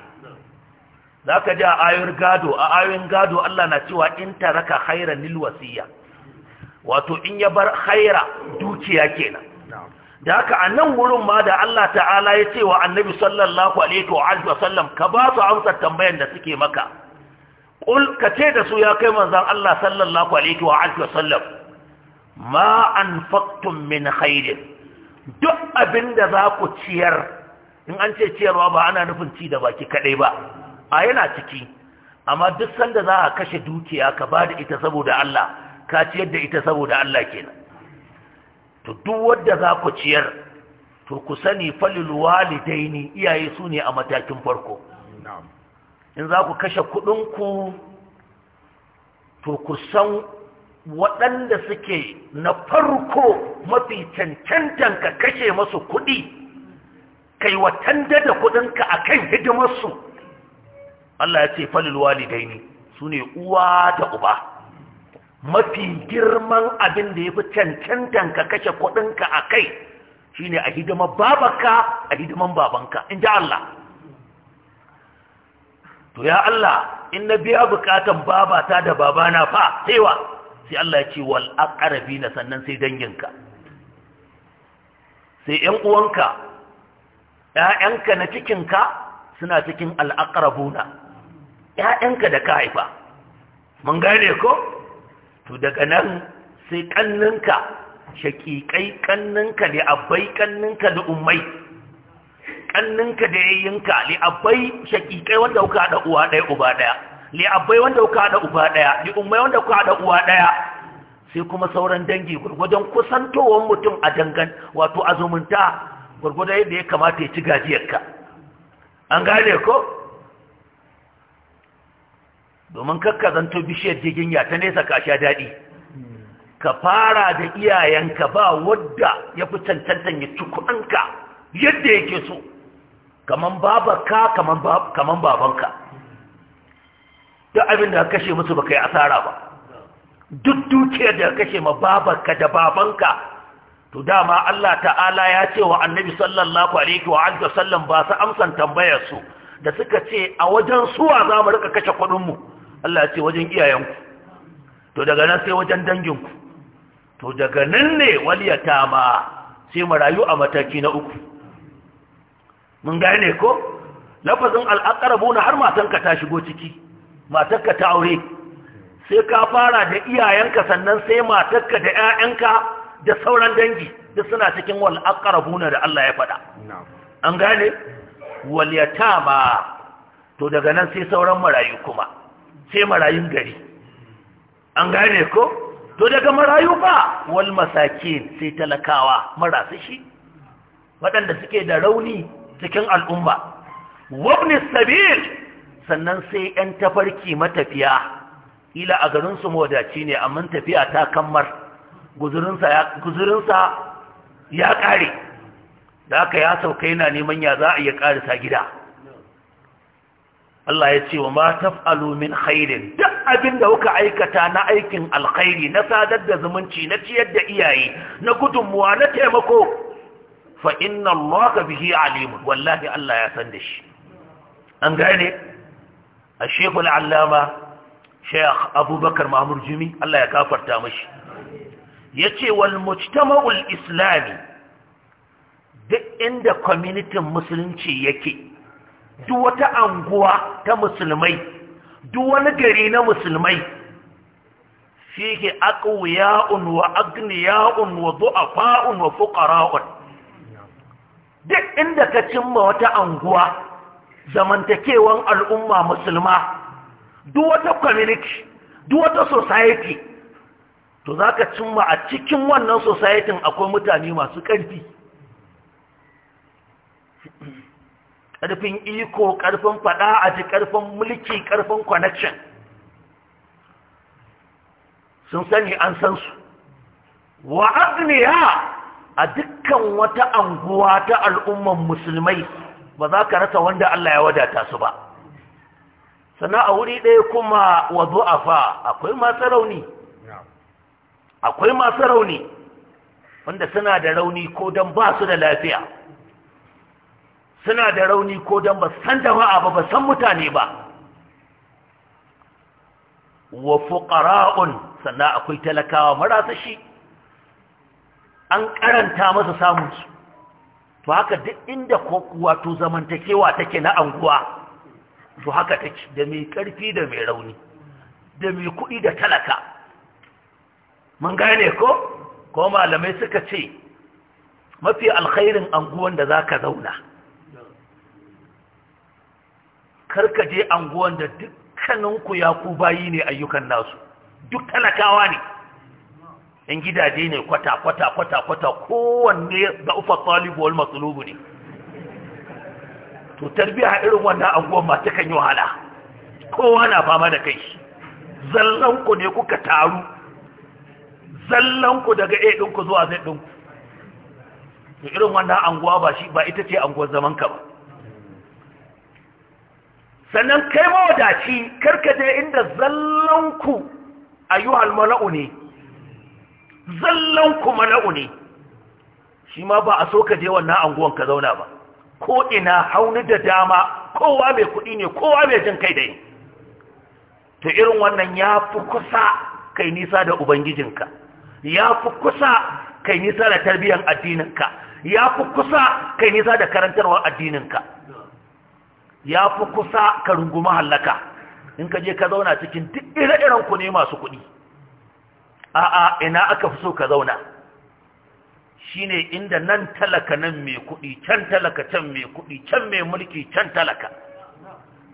zaka ji a ayoyin gado a ayoyin gado Allah na cewa in taraka khairan lil wasiya wato in ya bar khaira dukiya kenan da haka a nan wurin ma da Allah ta'ala ya ce wa annabi sallallahu alaihi wa sallam ka ba su amsar tambayar da suke maka ƙul ka ce da su ya kai manzan Allah sallallahu alaihi wa sallam ma an faktun min khairin duk abin da za ku ciyar in an ce ciyarwa ba ana nufin ci da baki kaɗai ba a yana ciki amma duk sanda za a kashe dukiya ka ba da ita saboda Allah ka ciyar da ita saboda Allah kenan to duk wadda za ku ciyar to ku sani falil walidaini iyaye su ne a matakin farko in za ku kashe kuɗinku to ku san waɗanda suke na farko mafi cancantan ka kashe masu kuɗi kai watanda da kuɗinka a kan hidimarsu Allah ya ce falil walidaini su ne uwa da uba mafi girman abin da ya fi cancantan ka kashe kuɗinka a kai shi ne a hidimar babanka a hidiman babanka in ji Allah to ya Allah in na biya bukatan babata da babana fa saiwa sai Allah ya ce wal aqrabi na sannan sai danginka sai ƴan uwanka ƴaƴanka na cikinka suna cikin al aqrabuna ƴaƴanka da ka haifa mun gane ko to daga nan sai kanninka shakikai kanninka da abai kanninka da umai kanninka da yayyinka li abai shakikai wanda kuka hada uwa daya uba daya li abai wanda kuka hada uba daya li umai wanda kuka hada uwa daya sai kuma sauran dangi gurgudan kusantowar mutum a dangan wato azumunta gurgudan yadda ya kamata ya ci gajiyarka an gane ko domin kakka zanto bishiyar jirgin ya ta nesa ka sha daɗi ka fara da iyayenka ba wadda ya fi cancantan ya ci kuɗinka yadda yake so kaman babarka kaman babanka duk abin da ka kashe musu ba ka yi asara ba duk dukiyar da ka kashe ma babarka da babanka to dama Allah ta'ala ya ce wa annabi sallallahu alaihi wa alihi ba su amsan tambayar su da suka ce a wajen suwa za mu rika kashe kuɗinmu mu Allah ce wajen iyayenku to daga nan sai wajen danginku to daga nan ne waliyata ma sai marayu a mataki na uku mun gane ko lafazin al'aqrabu na har matanka ta shigo ciki matanka ta aure sai ka fara da iyayenka sannan sai matanka da ƴaƴanka da sauran dangi duk suna cikin wal aqrabuna da Allah ya faɗa an gane wal yatama to daga nan sai sauran marayu kuma sai marayun gari an gane ko to daga marayu ba wal masaki sai talakawa marasu shi waɗanda suke da rauni cikin al'umma wabni sabil sannan sai 'yan tafarki matafiya ila a garinsu mawadaci ne amma tafiya ta kammar guzurinsa ya ƙare da aka ya sauka yana neman ya za a iya ƙarisa gida Allah ya ce wa ma taf'alu khairin duk abin da kuka aikata na aikin alkhairi na sadar da zumunci na ciyar da iyaye na gudunmuwa na taimako fa inna Allah bihi alim wallahi Allah ya san da shi an gane a allama shaykh abubakar mahmud jumi Allah ya kafarta mashi yace wal mujtama'ul islami duk inda kwaminitin musulunci yake duk wata anguwa ta musulmai duk wani gari na musulmai ke fihi ya'un wa ya'un wa fa'un wa fuqara'un duk inda ka cimma wata anguwa zamantakewan al'umma musulma duk wata community duk wata society to zaka cimma a cikin wannan society akwai mutane masu ƙarfi ƙarfin iko ƙarfin faɗa a ji ƙarfin mulki ƙarfin connection sun sani an san su wa agniya a dukkan wata anguwa ta al'umman musulmai ba za ka rasa wanda Allah ya wadata su ba sannan a wuri ɗaya kuma wa zu'afa akwai masu rauni akwai masu rauni wanda suna da rauni ko don ba su da lafiya suna da rauni ko don ba san jama'a ba ba san mutane ba wa fuqara'un sannan akwai talakawa marasa shi an karanta masa samun su to haka duk inda wato zamantakewa take na anguwa to haka take da mai karfi da mai rauni da mai kuɗi da talaka mun gane ko ko malamai suka ce mafi alkhairin anguwan da zaka zauna karkaje je anguwan da dukkaninku ya ku bayi ne ayyukan nasu duk talakawa ne in gidaje ne kwata kwata kwata kwata kowanne da ufa talibu wal matsalubu ne to tarbiya irin wannan anguwan ma ta kan yi wahala kowa na fama da kai zallanku ne kuka taru zallanku daga a ɗinku zuwa zai ɗinku irin wannan anguwa ba shi ba ita ce anguwar zaman ka ba sannan kai mawadaci karka je inda zallanku ayyuhal mala'u ne zallanku mala'u ne shi ma ba a so ka je wannan anguwan ka zauna ba ko ina hauni da dama kowa mai kuɗi ne kowa mai jin kai da yi to irin wannan ya fi kusa kai nisa da ubangijinka ya fi kusa kai nisa da tarbiyyar addininka ya fi kusa kai nisa da karantarwar addininka ya fi kusa ka rungumi hallaka in ka je ka zauna cikin duk ire-iren ku ne masu kuɗi a'a ina aka fi so ka zauna shine inda nan talaka nan mai kuɗi can talaka can mai kuɗi can mai mulki can talaka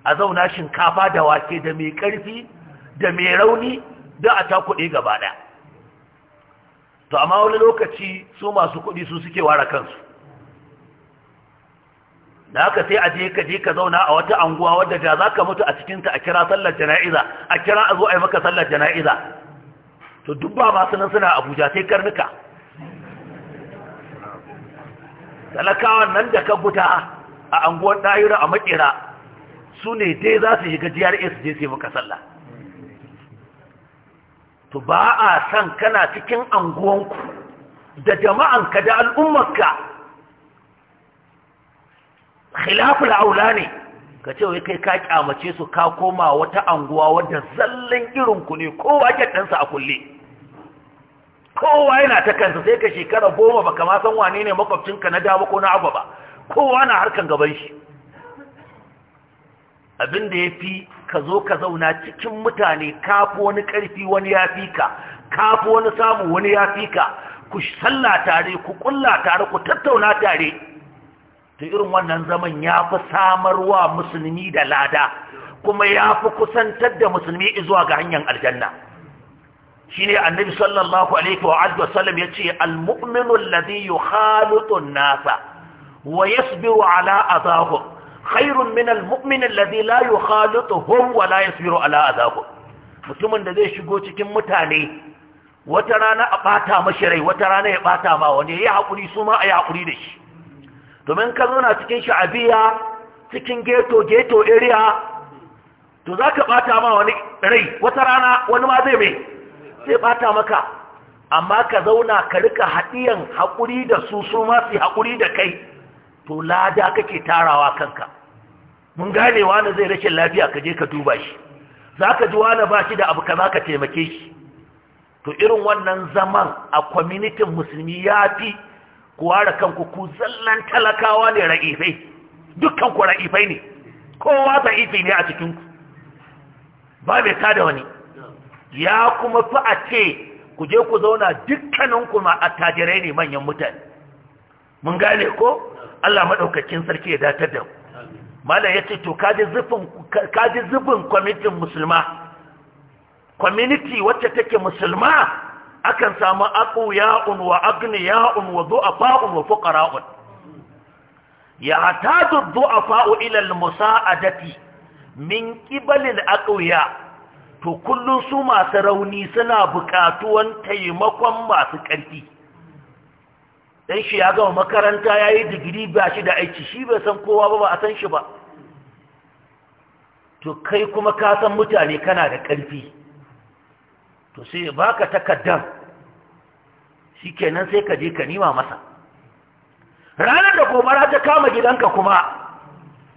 a zauna shinkafa da wake da mai ƙarfi da mai rauni da a ta kuɗi gaba ɗaya to amma wani lokaci su masu kuɗi su suke ware kansu da haka sai a je ka je ka zauna a wata anguwa wadda da za ka mutu a cikinta a kira sallar jana'iza a kira a zo a yi maka sallar jana'iza to duk ba masu nan suna abuja sai karnuka talakawan nan da ka guta a anguwar ɗayura a makera su ne dai za su shiga GRA su je su yi maka sallah to ba a san kana cikin anguwanku da jama'anka da al'ummarka khilaful aula ne ka ce wai kai ka kyamace su ka koma wata anguwa wadda zallan irin ku ne kowa ke ɗansa a kulle kowa yana ta kansa sai ka shekara goma baka ma san wane ne makwabcinka na dama ko na abu ba kowa na harkan gaban shi abin da ya fi ka zo ka zauna cikin mutane ka kafi wani karfi wani ya fi ka kafi wani samu wani ya fi ka ku sallah tare ku ƙulla tare ku tattauna tare to irin wannan zaman ya fi samarwa musulmi da lada kuma ya fi kusantar da musulmi izuwa ga hanyar aljanna shi ne annabi sallallahu alaihi wa ya ce almu'minu alladhi yukhalitu nasa wa yasbiru ala adahum khairun min almu'min alladhi la yukhalituhum wa la yasbiru ala adahum mutumin da zai shigo cikin mutane wata rana a bata mashi rai wata rana ya bata ma wani ya haƙuri su ma a yi haƙuri da shi domin ka zauna cikin sha'abiya cikin ghetto ghetto area to za ka ɓata ma wani rai wata rana wani ma zai mai sai ɓata maka amma ka zauna ka rika haɗiyan haƙuri da su su masu haƙuri da kai to lada kake tarawa kanka mun gane wani zai rashin lafiya ka je ka duba shi za ka ji wani ba shi da abu ka za ka taimake shi to irin wannan zaman a kwaminitin musulmi ya fi ku ware kanku ku zallan talakawa ne ra'ifai dukkan ra'ifai ne kowa za'ifi ne a cikinku ba mai da wani ya kuma fi a ce ku je ku zauna dukkaninku ma attajirai ne manyan mutane mun gane ko Allah maɗaukakin sarki ya datar da malam ya ce to kaji zubin kwamitin musulma kwamiti wacce take musulma akan samu ya'un wa ya'un wa fa’un wa fuqara'un yahtaju ad ilal musa a musaadati min ƙibalin al ya to kullum su masu rauni suna buƙatuwan taimakon masu ƙarfi dan shi ya gama makaranta ya yi digiri ba shi da aiki shi bai san kowa ba ba a san shi ba to kai kuma ka san mutane kana da ƙarfi to sai baka takardan. shikenan sai ka je ka nima masa ranar da gobara ta kama gidanka kuma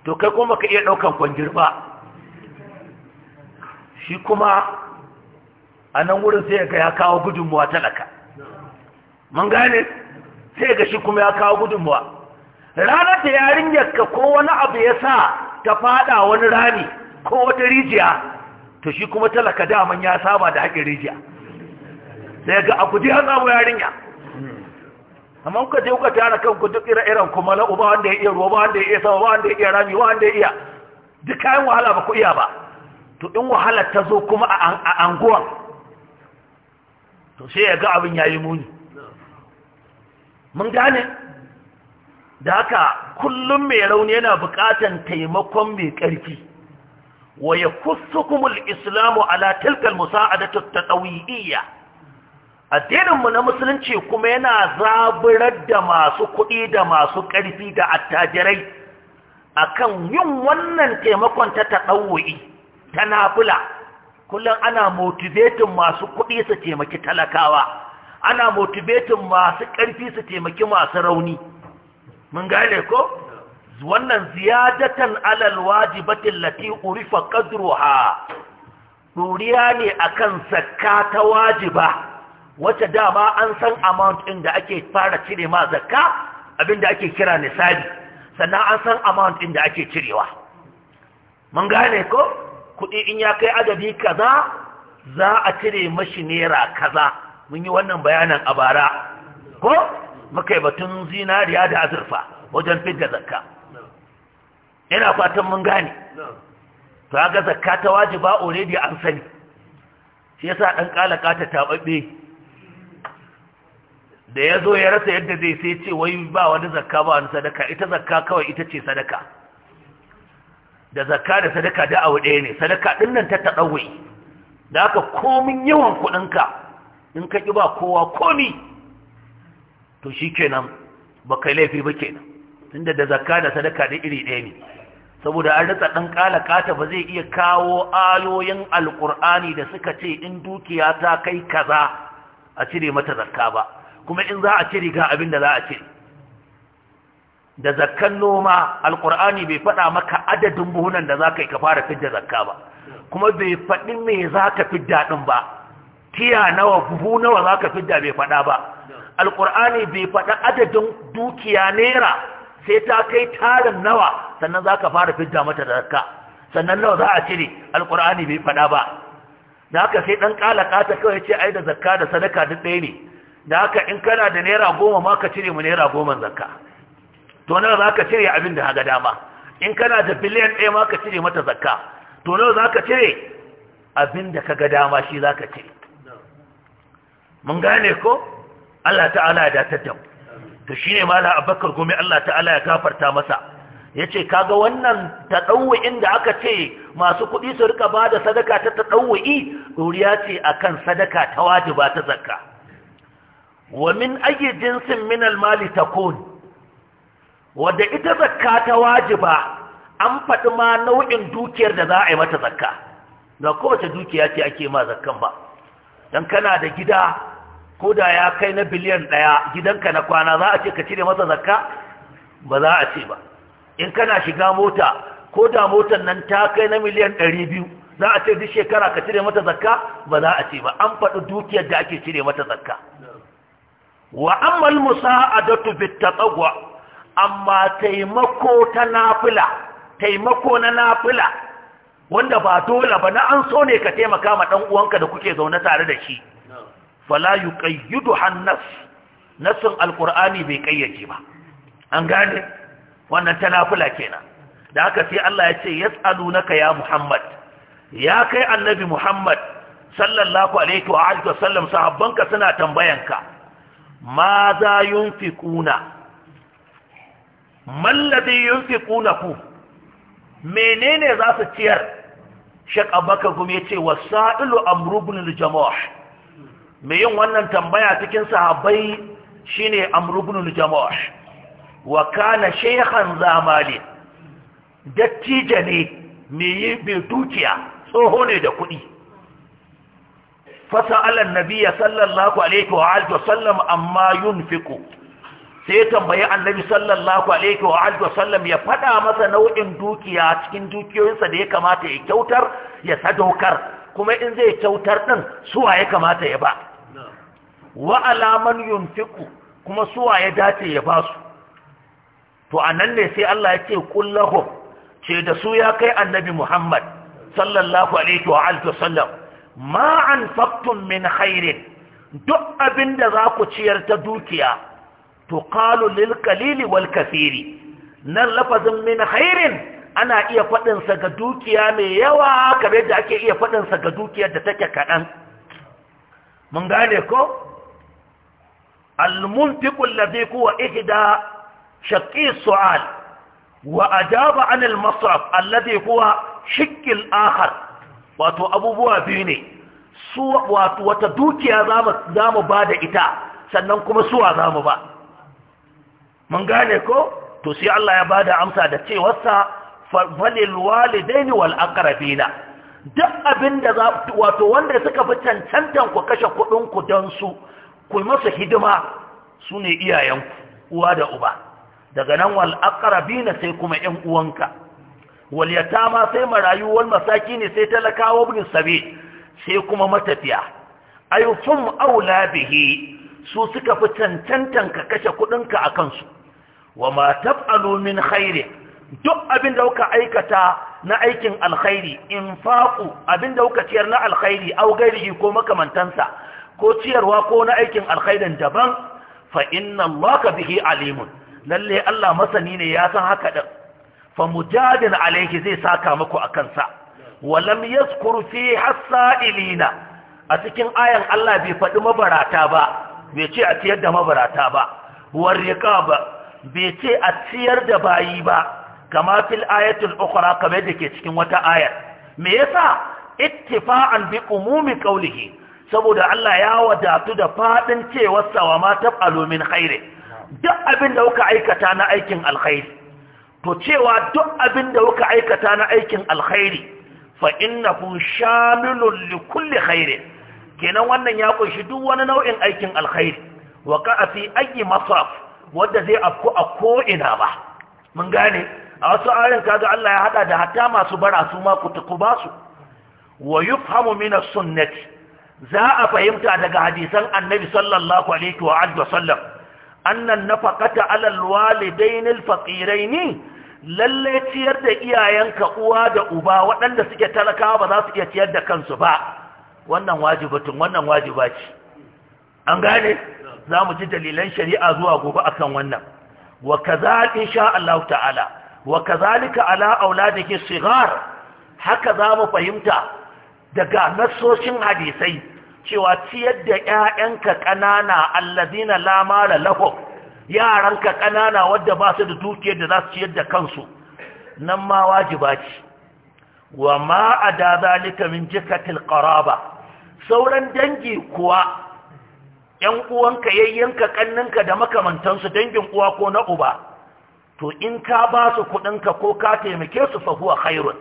to kai kuma ka iya ɗaukan kwangir ba shi kuma a nan wurin sai ga ya kawo gudunmuwa talaka mun gane sai ga shi kuma ya kawo gudunmuwa ranar da yarinyar ka ko wani abu ya sa ta fada wani rami ko wata rijiya to shi kuma talaka daman ya saba da haƙin rijiya sai ga a kuji an samu yarinya amma kuka je kuka tara kanku duk ire-iren kuma na uba wanda ya iya ruwa wanda ya iya sama wanda ya iya rami wanda ya iya duk kayan wahala ba ku iya ba to in wahala ta zo kuma a anguwan to sai ya ga abin yayi muni mun gane da haka kullum mai rauni yana buƙatan taimakon mai ƙarfi wa ya kusukumul islamu ala tilkal musa'adatu taqawiyya addininmu na musulunci kuma yana zaburar da masu kuɗi da masu ƙarfi da attajirai akan yin wannan taimakon ta taɗawo'i ta nafula kullum ana motivetin masu kuɗi su taimaki talakawa ana motivetin masu ƙarfi su taimaki masu rauni mun gane ko wannan ziyadatan alal wajibatin lati urifa qadruha duriya ne akan zakka ta wajiba wacce dama an san amount ɗin da ake fara cire ma zakka abinda ake kira nisabi sannan an san amount ɗin da ake cirewa mun gane ko kuɗi in ya kai adadi kaza za a cire mashi naira kaza mun yi wannan bayanan a bara ko muka yi batun zinariya da azurfa wajen fidda zakka ina fatan mun gane to ga zakka ta wajiba already an sani shi yasa dan kala kata tababbe da ya zo ya rasa yadda zai sai ce wai ba wani zakka ba wani sadaka ita zakka kawai ita ce sadaka da zakka da sadaka da abu ɗaya ne sadaka ɗin nan ta taɗawai da aka komin yawan kuɗinka in ka ƙi ba kowa komi to shi kenan ba kai laifi ba kenan tunda da zakka da sadaka da iri ɗaya ne saboda an ratsa ɗan ƙala ƙata ba zai iya kawo ayoyin alƙur'ani da suka ce in dukiya ta kai kaza a cire mata zakka ba kuma in za a cire ga abin da za a cire da zakkan noma alkur'ani bai faɗa maka adadin buhunan da za ka fara fidda zakka ba kuma bai faɗi me za ka fidda ɗin ba tiya nawa buhu nawa za ka fidda bai faɗa ba alkur'ani bai faɗa adadin dukiya naira sai ta kai tarin nawa sannan za ka fara fidda mata zakka sannan nawa za a cire alkur'ani bai faɗa ba da haka sai ɗan ƙalaƙa ta kawai ce ai da zakka da sadaka duk ɗaya ne da haka in kana da naira goma ma ka cire mu naira goma zakka to nawa za ka cire abin da haga dama in kana da biliyan ɗaya ma ka cire mata zakka to nawa za ka cire abin da ka ga dama shi za ka cire mun gane ko Allah ta'ala ya datar da mu to shine mala abakar Gumi, Allah ta'ala ya gafarta masa yace kaga wannan tadawu'in da aka ce masu kuɗi su rika bada sadaka ta tadawu'i doriya ce akan sadaka ta wajiba ta zakka wa min ayi jinsin min almali takun wadda ita zakka ta wajiba an faɗi ma nau'in dukiyar da za a yi mata zakka da kowace dukiya ce ake ma zakkan ba don kana da gida ko da ya kai na biliyan ɗaya gidanka na kwana za a ce ka cire masa zakka ba za a ce ba in kana shiga mota ko da motar nan ta kai na miliyan ɗari biyu za a ce duk shekara ka cire mata zakka ba za a ce ba an faɗi dukiyar da ake cire mata zakka wa ammal musa'adatu bittatawwa amma taimako ta nafila taimako na nafila wanda ba dole ba na an so ne ka taimaka ma dan uwanka da kuke zaune tare da shi fala yuqayyidu hannas nasin alqur'ani bai kayyace ba an gane wannan ta nafila kenan da haka sai Allah ya ce yas'alunaka ya Muhammad ya kai annabi Muhammad sallallahu alaihi wa alihi wasallam sahabbanka suna tambayanka ma za yunfikuna mallabi yunfikuna ku menene za su ciyar shek abaka gumi ya ce sa’ilu amrubun jama’a mai yin wannan tambaya cikin sahabbai shine amrubun jama’a wa kana shekhan zamani dattija ne mai dukiya tsoho ne da kuɗi فسأل النبي صلى الله عليه وآله وسلم amma ينفق sai tambayi annabi sallallahu alaihi wa alihi wasallam ya fada masa nau'in dukiya cikin dukiyoyinsa da ya kamata ya kyautar ya sadaukar kuma in zai kyautar din suwa ya kamata ya ba wa alaman yunfiqu kuma suwa ya dace ya ba su to anan ne sai Allah ya ce kullahum ce da su ya kai annabi Muhammad sallallahu alaihi wa alihi wasallam Ma'an anfaqtum min hairin, duk abin da za ku ciyar ta dukiya to qalu lil qalili wal kathiri nan lafazin min hairin, ana iya faɗinsa ga dukiya mai yawa kamar da ake iya faɗinsa ga dukiyar da take kaɗan mun gane ko al-munfiqu alladhi huwa ihda shaqqi su'al wa ajaba 'an masraf alladhi kuwa shakki akhar wato abubuwa biyu ne su wato wata dukiya za mu ba da ita sannan kuma suwa za mu ba mun gane ko to sai Allah ya bada amsa da cewarsa falil walidaini wal aqrabina duk abinda za wato wanda suka fi cancantan ku kashe kudin ku don su ku masa hidima sune iyayen uwa da uba daga nan wal aqrabina sai kuma ƴan uwanka wal ma sai marayu masaki ne sai talakawa bin sabi sai kuma matafiya ayyukum aula bihi su suka fi cancantan ka kashe kuɗinka a kansu wa ma taf'alu min khairin duk abin da kuka aikata na aikin alkhairi infaqu abin da kuka ciyar na alkhairi au gairihi ko makamantansa ko ciyarwa ko na aikin alkhairin daban fa inna allaha bihi alimun lalle Allah masani ne ya san haka din fa mujadin alaihi zai saka muku a kansa walam yaskuru fi hasailina a cikin ayan Allah bai faɗi mabarata ba bai ce a ciyar da mabarata ba warriqa ba bai ce a ciyar da bayi ba kama fil ayatul ukhra kamar da ke cikin wata ayar me yasa ittifa'an bi umumi qawlihi saboda Allah ya wadatu da fadin cewa wa ma taf'alu min khairi duk abin da kuka aikata na aikin alkhairi to cewa duk abin da kuka aikata na aikin alkhairi fa innahu shamilun li kulli kenan wannan ya kunshi duk wani nau'in aikin alkhairi wa ka fi ayi masraf wadda zai afku a ko'ina ba mun gane a wasu ayoyin kaga Allah ya hada da hatta masu bara su ma kutuku ba su wa yufhamu min sunnati za a fahimta daga hadisan annabi sallallahu alaihi wa sallam annan nafaqata alal walidain ne lalle ciyar da iyayenka uwa da uba waɗanda suke talakawa ba za su iya ciyar da kansu ba wannan wajibatun wannan wajiba ce an gane za mu ji dalilan shari'a zuwa gobe akan wannan wa kazalika insha Allah ta'ala wa kazalika ala auladiki sigar haka za mu fahimta daga nassoshin hadisai cewa ciyar da 'ya'yanka ƙanana allazina la mala yaran yaranka ƙanana wadda ba su da dukiyar da za su ciyar da kansu nan ma wajiba ce wa ma ada zalika min jikatil qaraba sauran dangi kuwa ‘yan uwanka yayyanka ƙanninka da makamantansu dangin uwa ko na uba, to in ka ba su kuɗinka ko ka taimake su fahuwa khairun,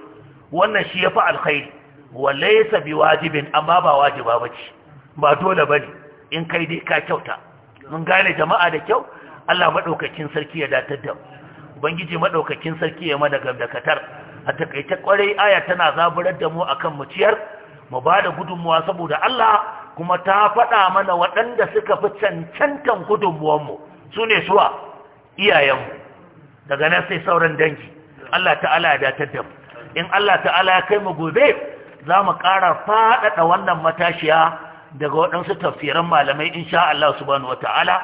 wannan shi ya fi alkhairi. walaysa wajibin amma ba wajiba bace ba dole bane in kai dai ka kyauta mun gane jama'a da kyau Allah madaukakin sarki ya datar da ubangiji madaukakin sarki ya mana gamdakatar a takaice kwarai aya tana zaburar da mu akan mu ciyar mu bada gudunmuwa saboda Allah kuma ta faɗa mana waɗanda suka fi cancantan gudunmuwanmu su ne suwa iyayenmu daga nan sai sauran dangi Allah ta'ala ya datar da mu in Allah ta'ala ya kai mu gobe za mu ƙara faɗaɗa wannan matashiya daga waɗansu tafsiran malamai insha Allah subhanahu wata'ala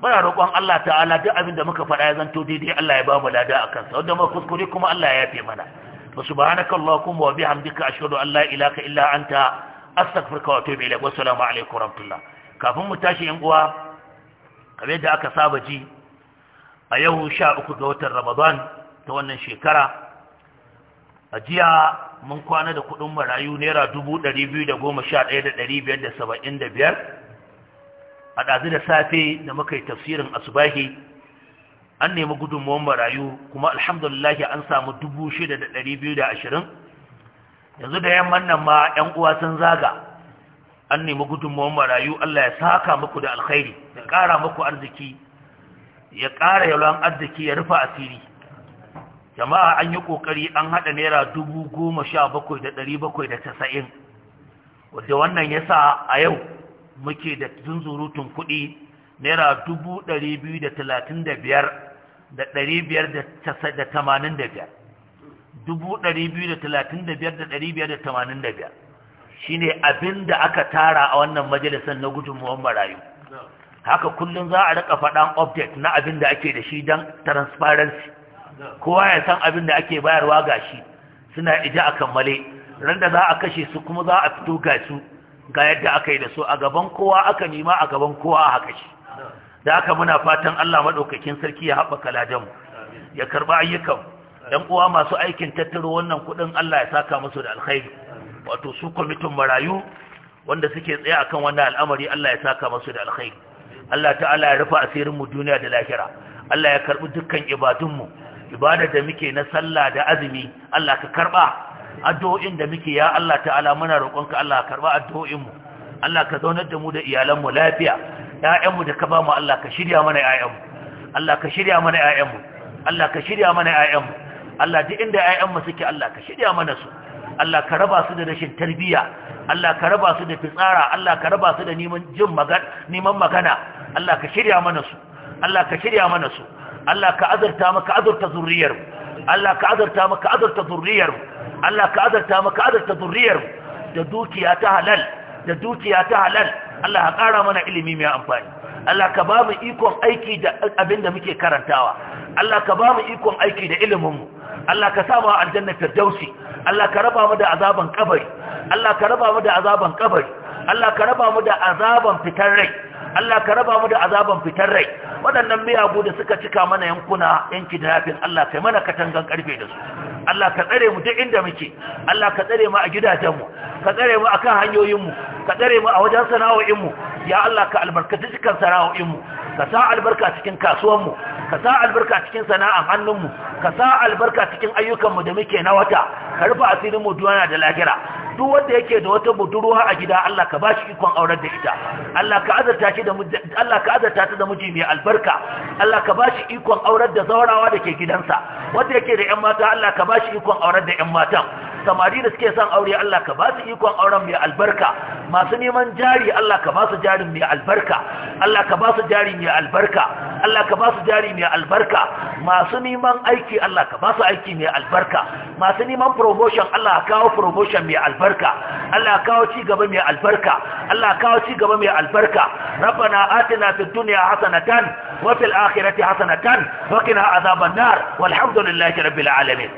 muna roƙon Allah ta'ala duk abin da muka faɗa ya zanto daidai Allah ya ba mu lada a kansa wanda muka kuskure kuma Allah ya yafe mana wa subhanaka allahumma wa bihamdika ashhadu an la ilaha illa anta astaghfiruka wa atubu ilaik wa assalamu alaikum wa rahmatullah kafin mu tashi yan uwa kamar yadda aka saba ji a yau 13 ga watan Ramadan ta wannan shekara a jiya mun kwana da kudin marayu naira dubu ɗari ɗari biyu da da goma sha ɗaya biyar. da da saba'in biyar. a ɗazu da safe da muka yi tafsirin asubahi an nemi gudunmuwan marayu kuma alhamdulillahi an samu dubu shida da da ɗari biyu ashirin. yanzu da yamman nan ma 'yan uwa sun zaga an nemi gudunmuwan marayu Allah ya saka muku da alkhairi ya ƙara muku arziki ya ƙara yalwan arziki ya rufe asiri jama'a an yi ƙoƙari an haɗa naira dubu goma sha bakwai da ɗari bakwai da tasa'in wadda wannan ya sa a yau muke da zunzurutun kuɗi naira dubu ɗari biyu da talatin da biyar da ɗari biyar da tamanin da biyar dubu ɗari biyu da talatin da biyar da ɗari biyar da tamanin da biyar shi ne abin da aka tara a wannan majalisar na gudunmuwan marayu haka kullum za a riƙa faɗan update na abin da ake da shi don transparency kowa ya san abin da ake bayarwa ga shi suna ija a kammale Randa za a kashe su kuma za a fito ga su ga yadda aka yi da su a gaban kowa aka nima a gaban kowa a haka shi da haka muna fatan Allah maɗaukakin sarki ya haɓaka ladanmu ya karɓa ayyukan ɗan uwa masu aikin tattaro wannan kuɗin Allah ya saka musu da alkhairi wato su kwamitin marayu wanda suke tsaye akan wannan al'amari Allah ya saka musu da alkhairi Allah ta'ala ya rufa asirin mu duniya da lahira Allah ya karɓi dukkan ibadunmu ibada da muke na sallah da azumi Allah ka karba addu'o'in da muke ya Allah ta'ala muna roƙonka Allah ka karba addu'o'in mu Allah ka zaunar da mu da iyalan mu lafiya ƴaƴan mu da ka ba mu Allah ka shirya mana ƴaƴan mu Allah ka shirya mana ƴaƴan mu Allah ka shirya mana ƴaƴan mu Allah duk inda ƴaƴan mu suke Allah ka shirya mana su Allah ka raba su da rashin tarbiyya. Allah ka raba su da fitsara Allah ka raba su da neman jin magana neman magana Allah ka shirya mana su Allah ka shirya mana su Allah ka azarta maka azarta zurriyar Allah ka azarta maka azarta zurriyar Allah ka azarta maka azarta zurriyar da dukiya ta halal da dukiya ta halal Allah ka ƙara mana ilimi mai amfani Allah ka ba mu ikon aiki da abin da muke karantawa Allah ka ba mu ikon aiki da iliminmu Allah ka sa mu aljanna firdausi Allah ka raba mu da azaban kabari Allah ka raba mu da azaban kabari Allah ka raba mu da azaban fitar rai Allah ka raba mu da azaban fitar rai waɗannan miyagu da suka cika mana yankuna yanki da yafin Allah kai mana katangan karfe da su Allah ka tsare mu duk inda muke Allah ka tsare mu a gidajenmu ka tsare mu akan hanyoyinmu ka tsare mu a wajen sana'o'inmu ya Allah ka albarkaci cikin sana'o'inmu ka sa albarka cikin kasuwanmu ka sa albarka cikin sana'an hannunmu ka sa albarka cikin ayyukanmu da muke na wata ka rufe asirin mu duwana da lahira duk wanda yake da wata budurwa a gida Allah ka bashi ikon aurar da ita Allah ka azarta shi da Allah ka azarta ta da miji mai albarka Allah ka bashi ikon aurar da zaurawa da ke gidansa wanda yake da ƴan mata Allah ka bashi ikon aurar da ƴan matan samari da suke son aure Allah ka ba su ikon auren mai albarka masu neman jari Allah ka ba su jari mai albarka Allah ka ba su jari mai albarka Allah ka ba su jari mai albarka masu neman aiki Allah ka ba su aiki mai albarka masu neman promotion Allah ka kawo promotion mai albarka Allah ka kawo ci gaba mai albarka Allah ka kawo ci gaba mai albarka rabbana atina fid dunya hasanatan wa fil akhirati hasanatan wa qina azaban nar walhamdulillahi rabbil alamin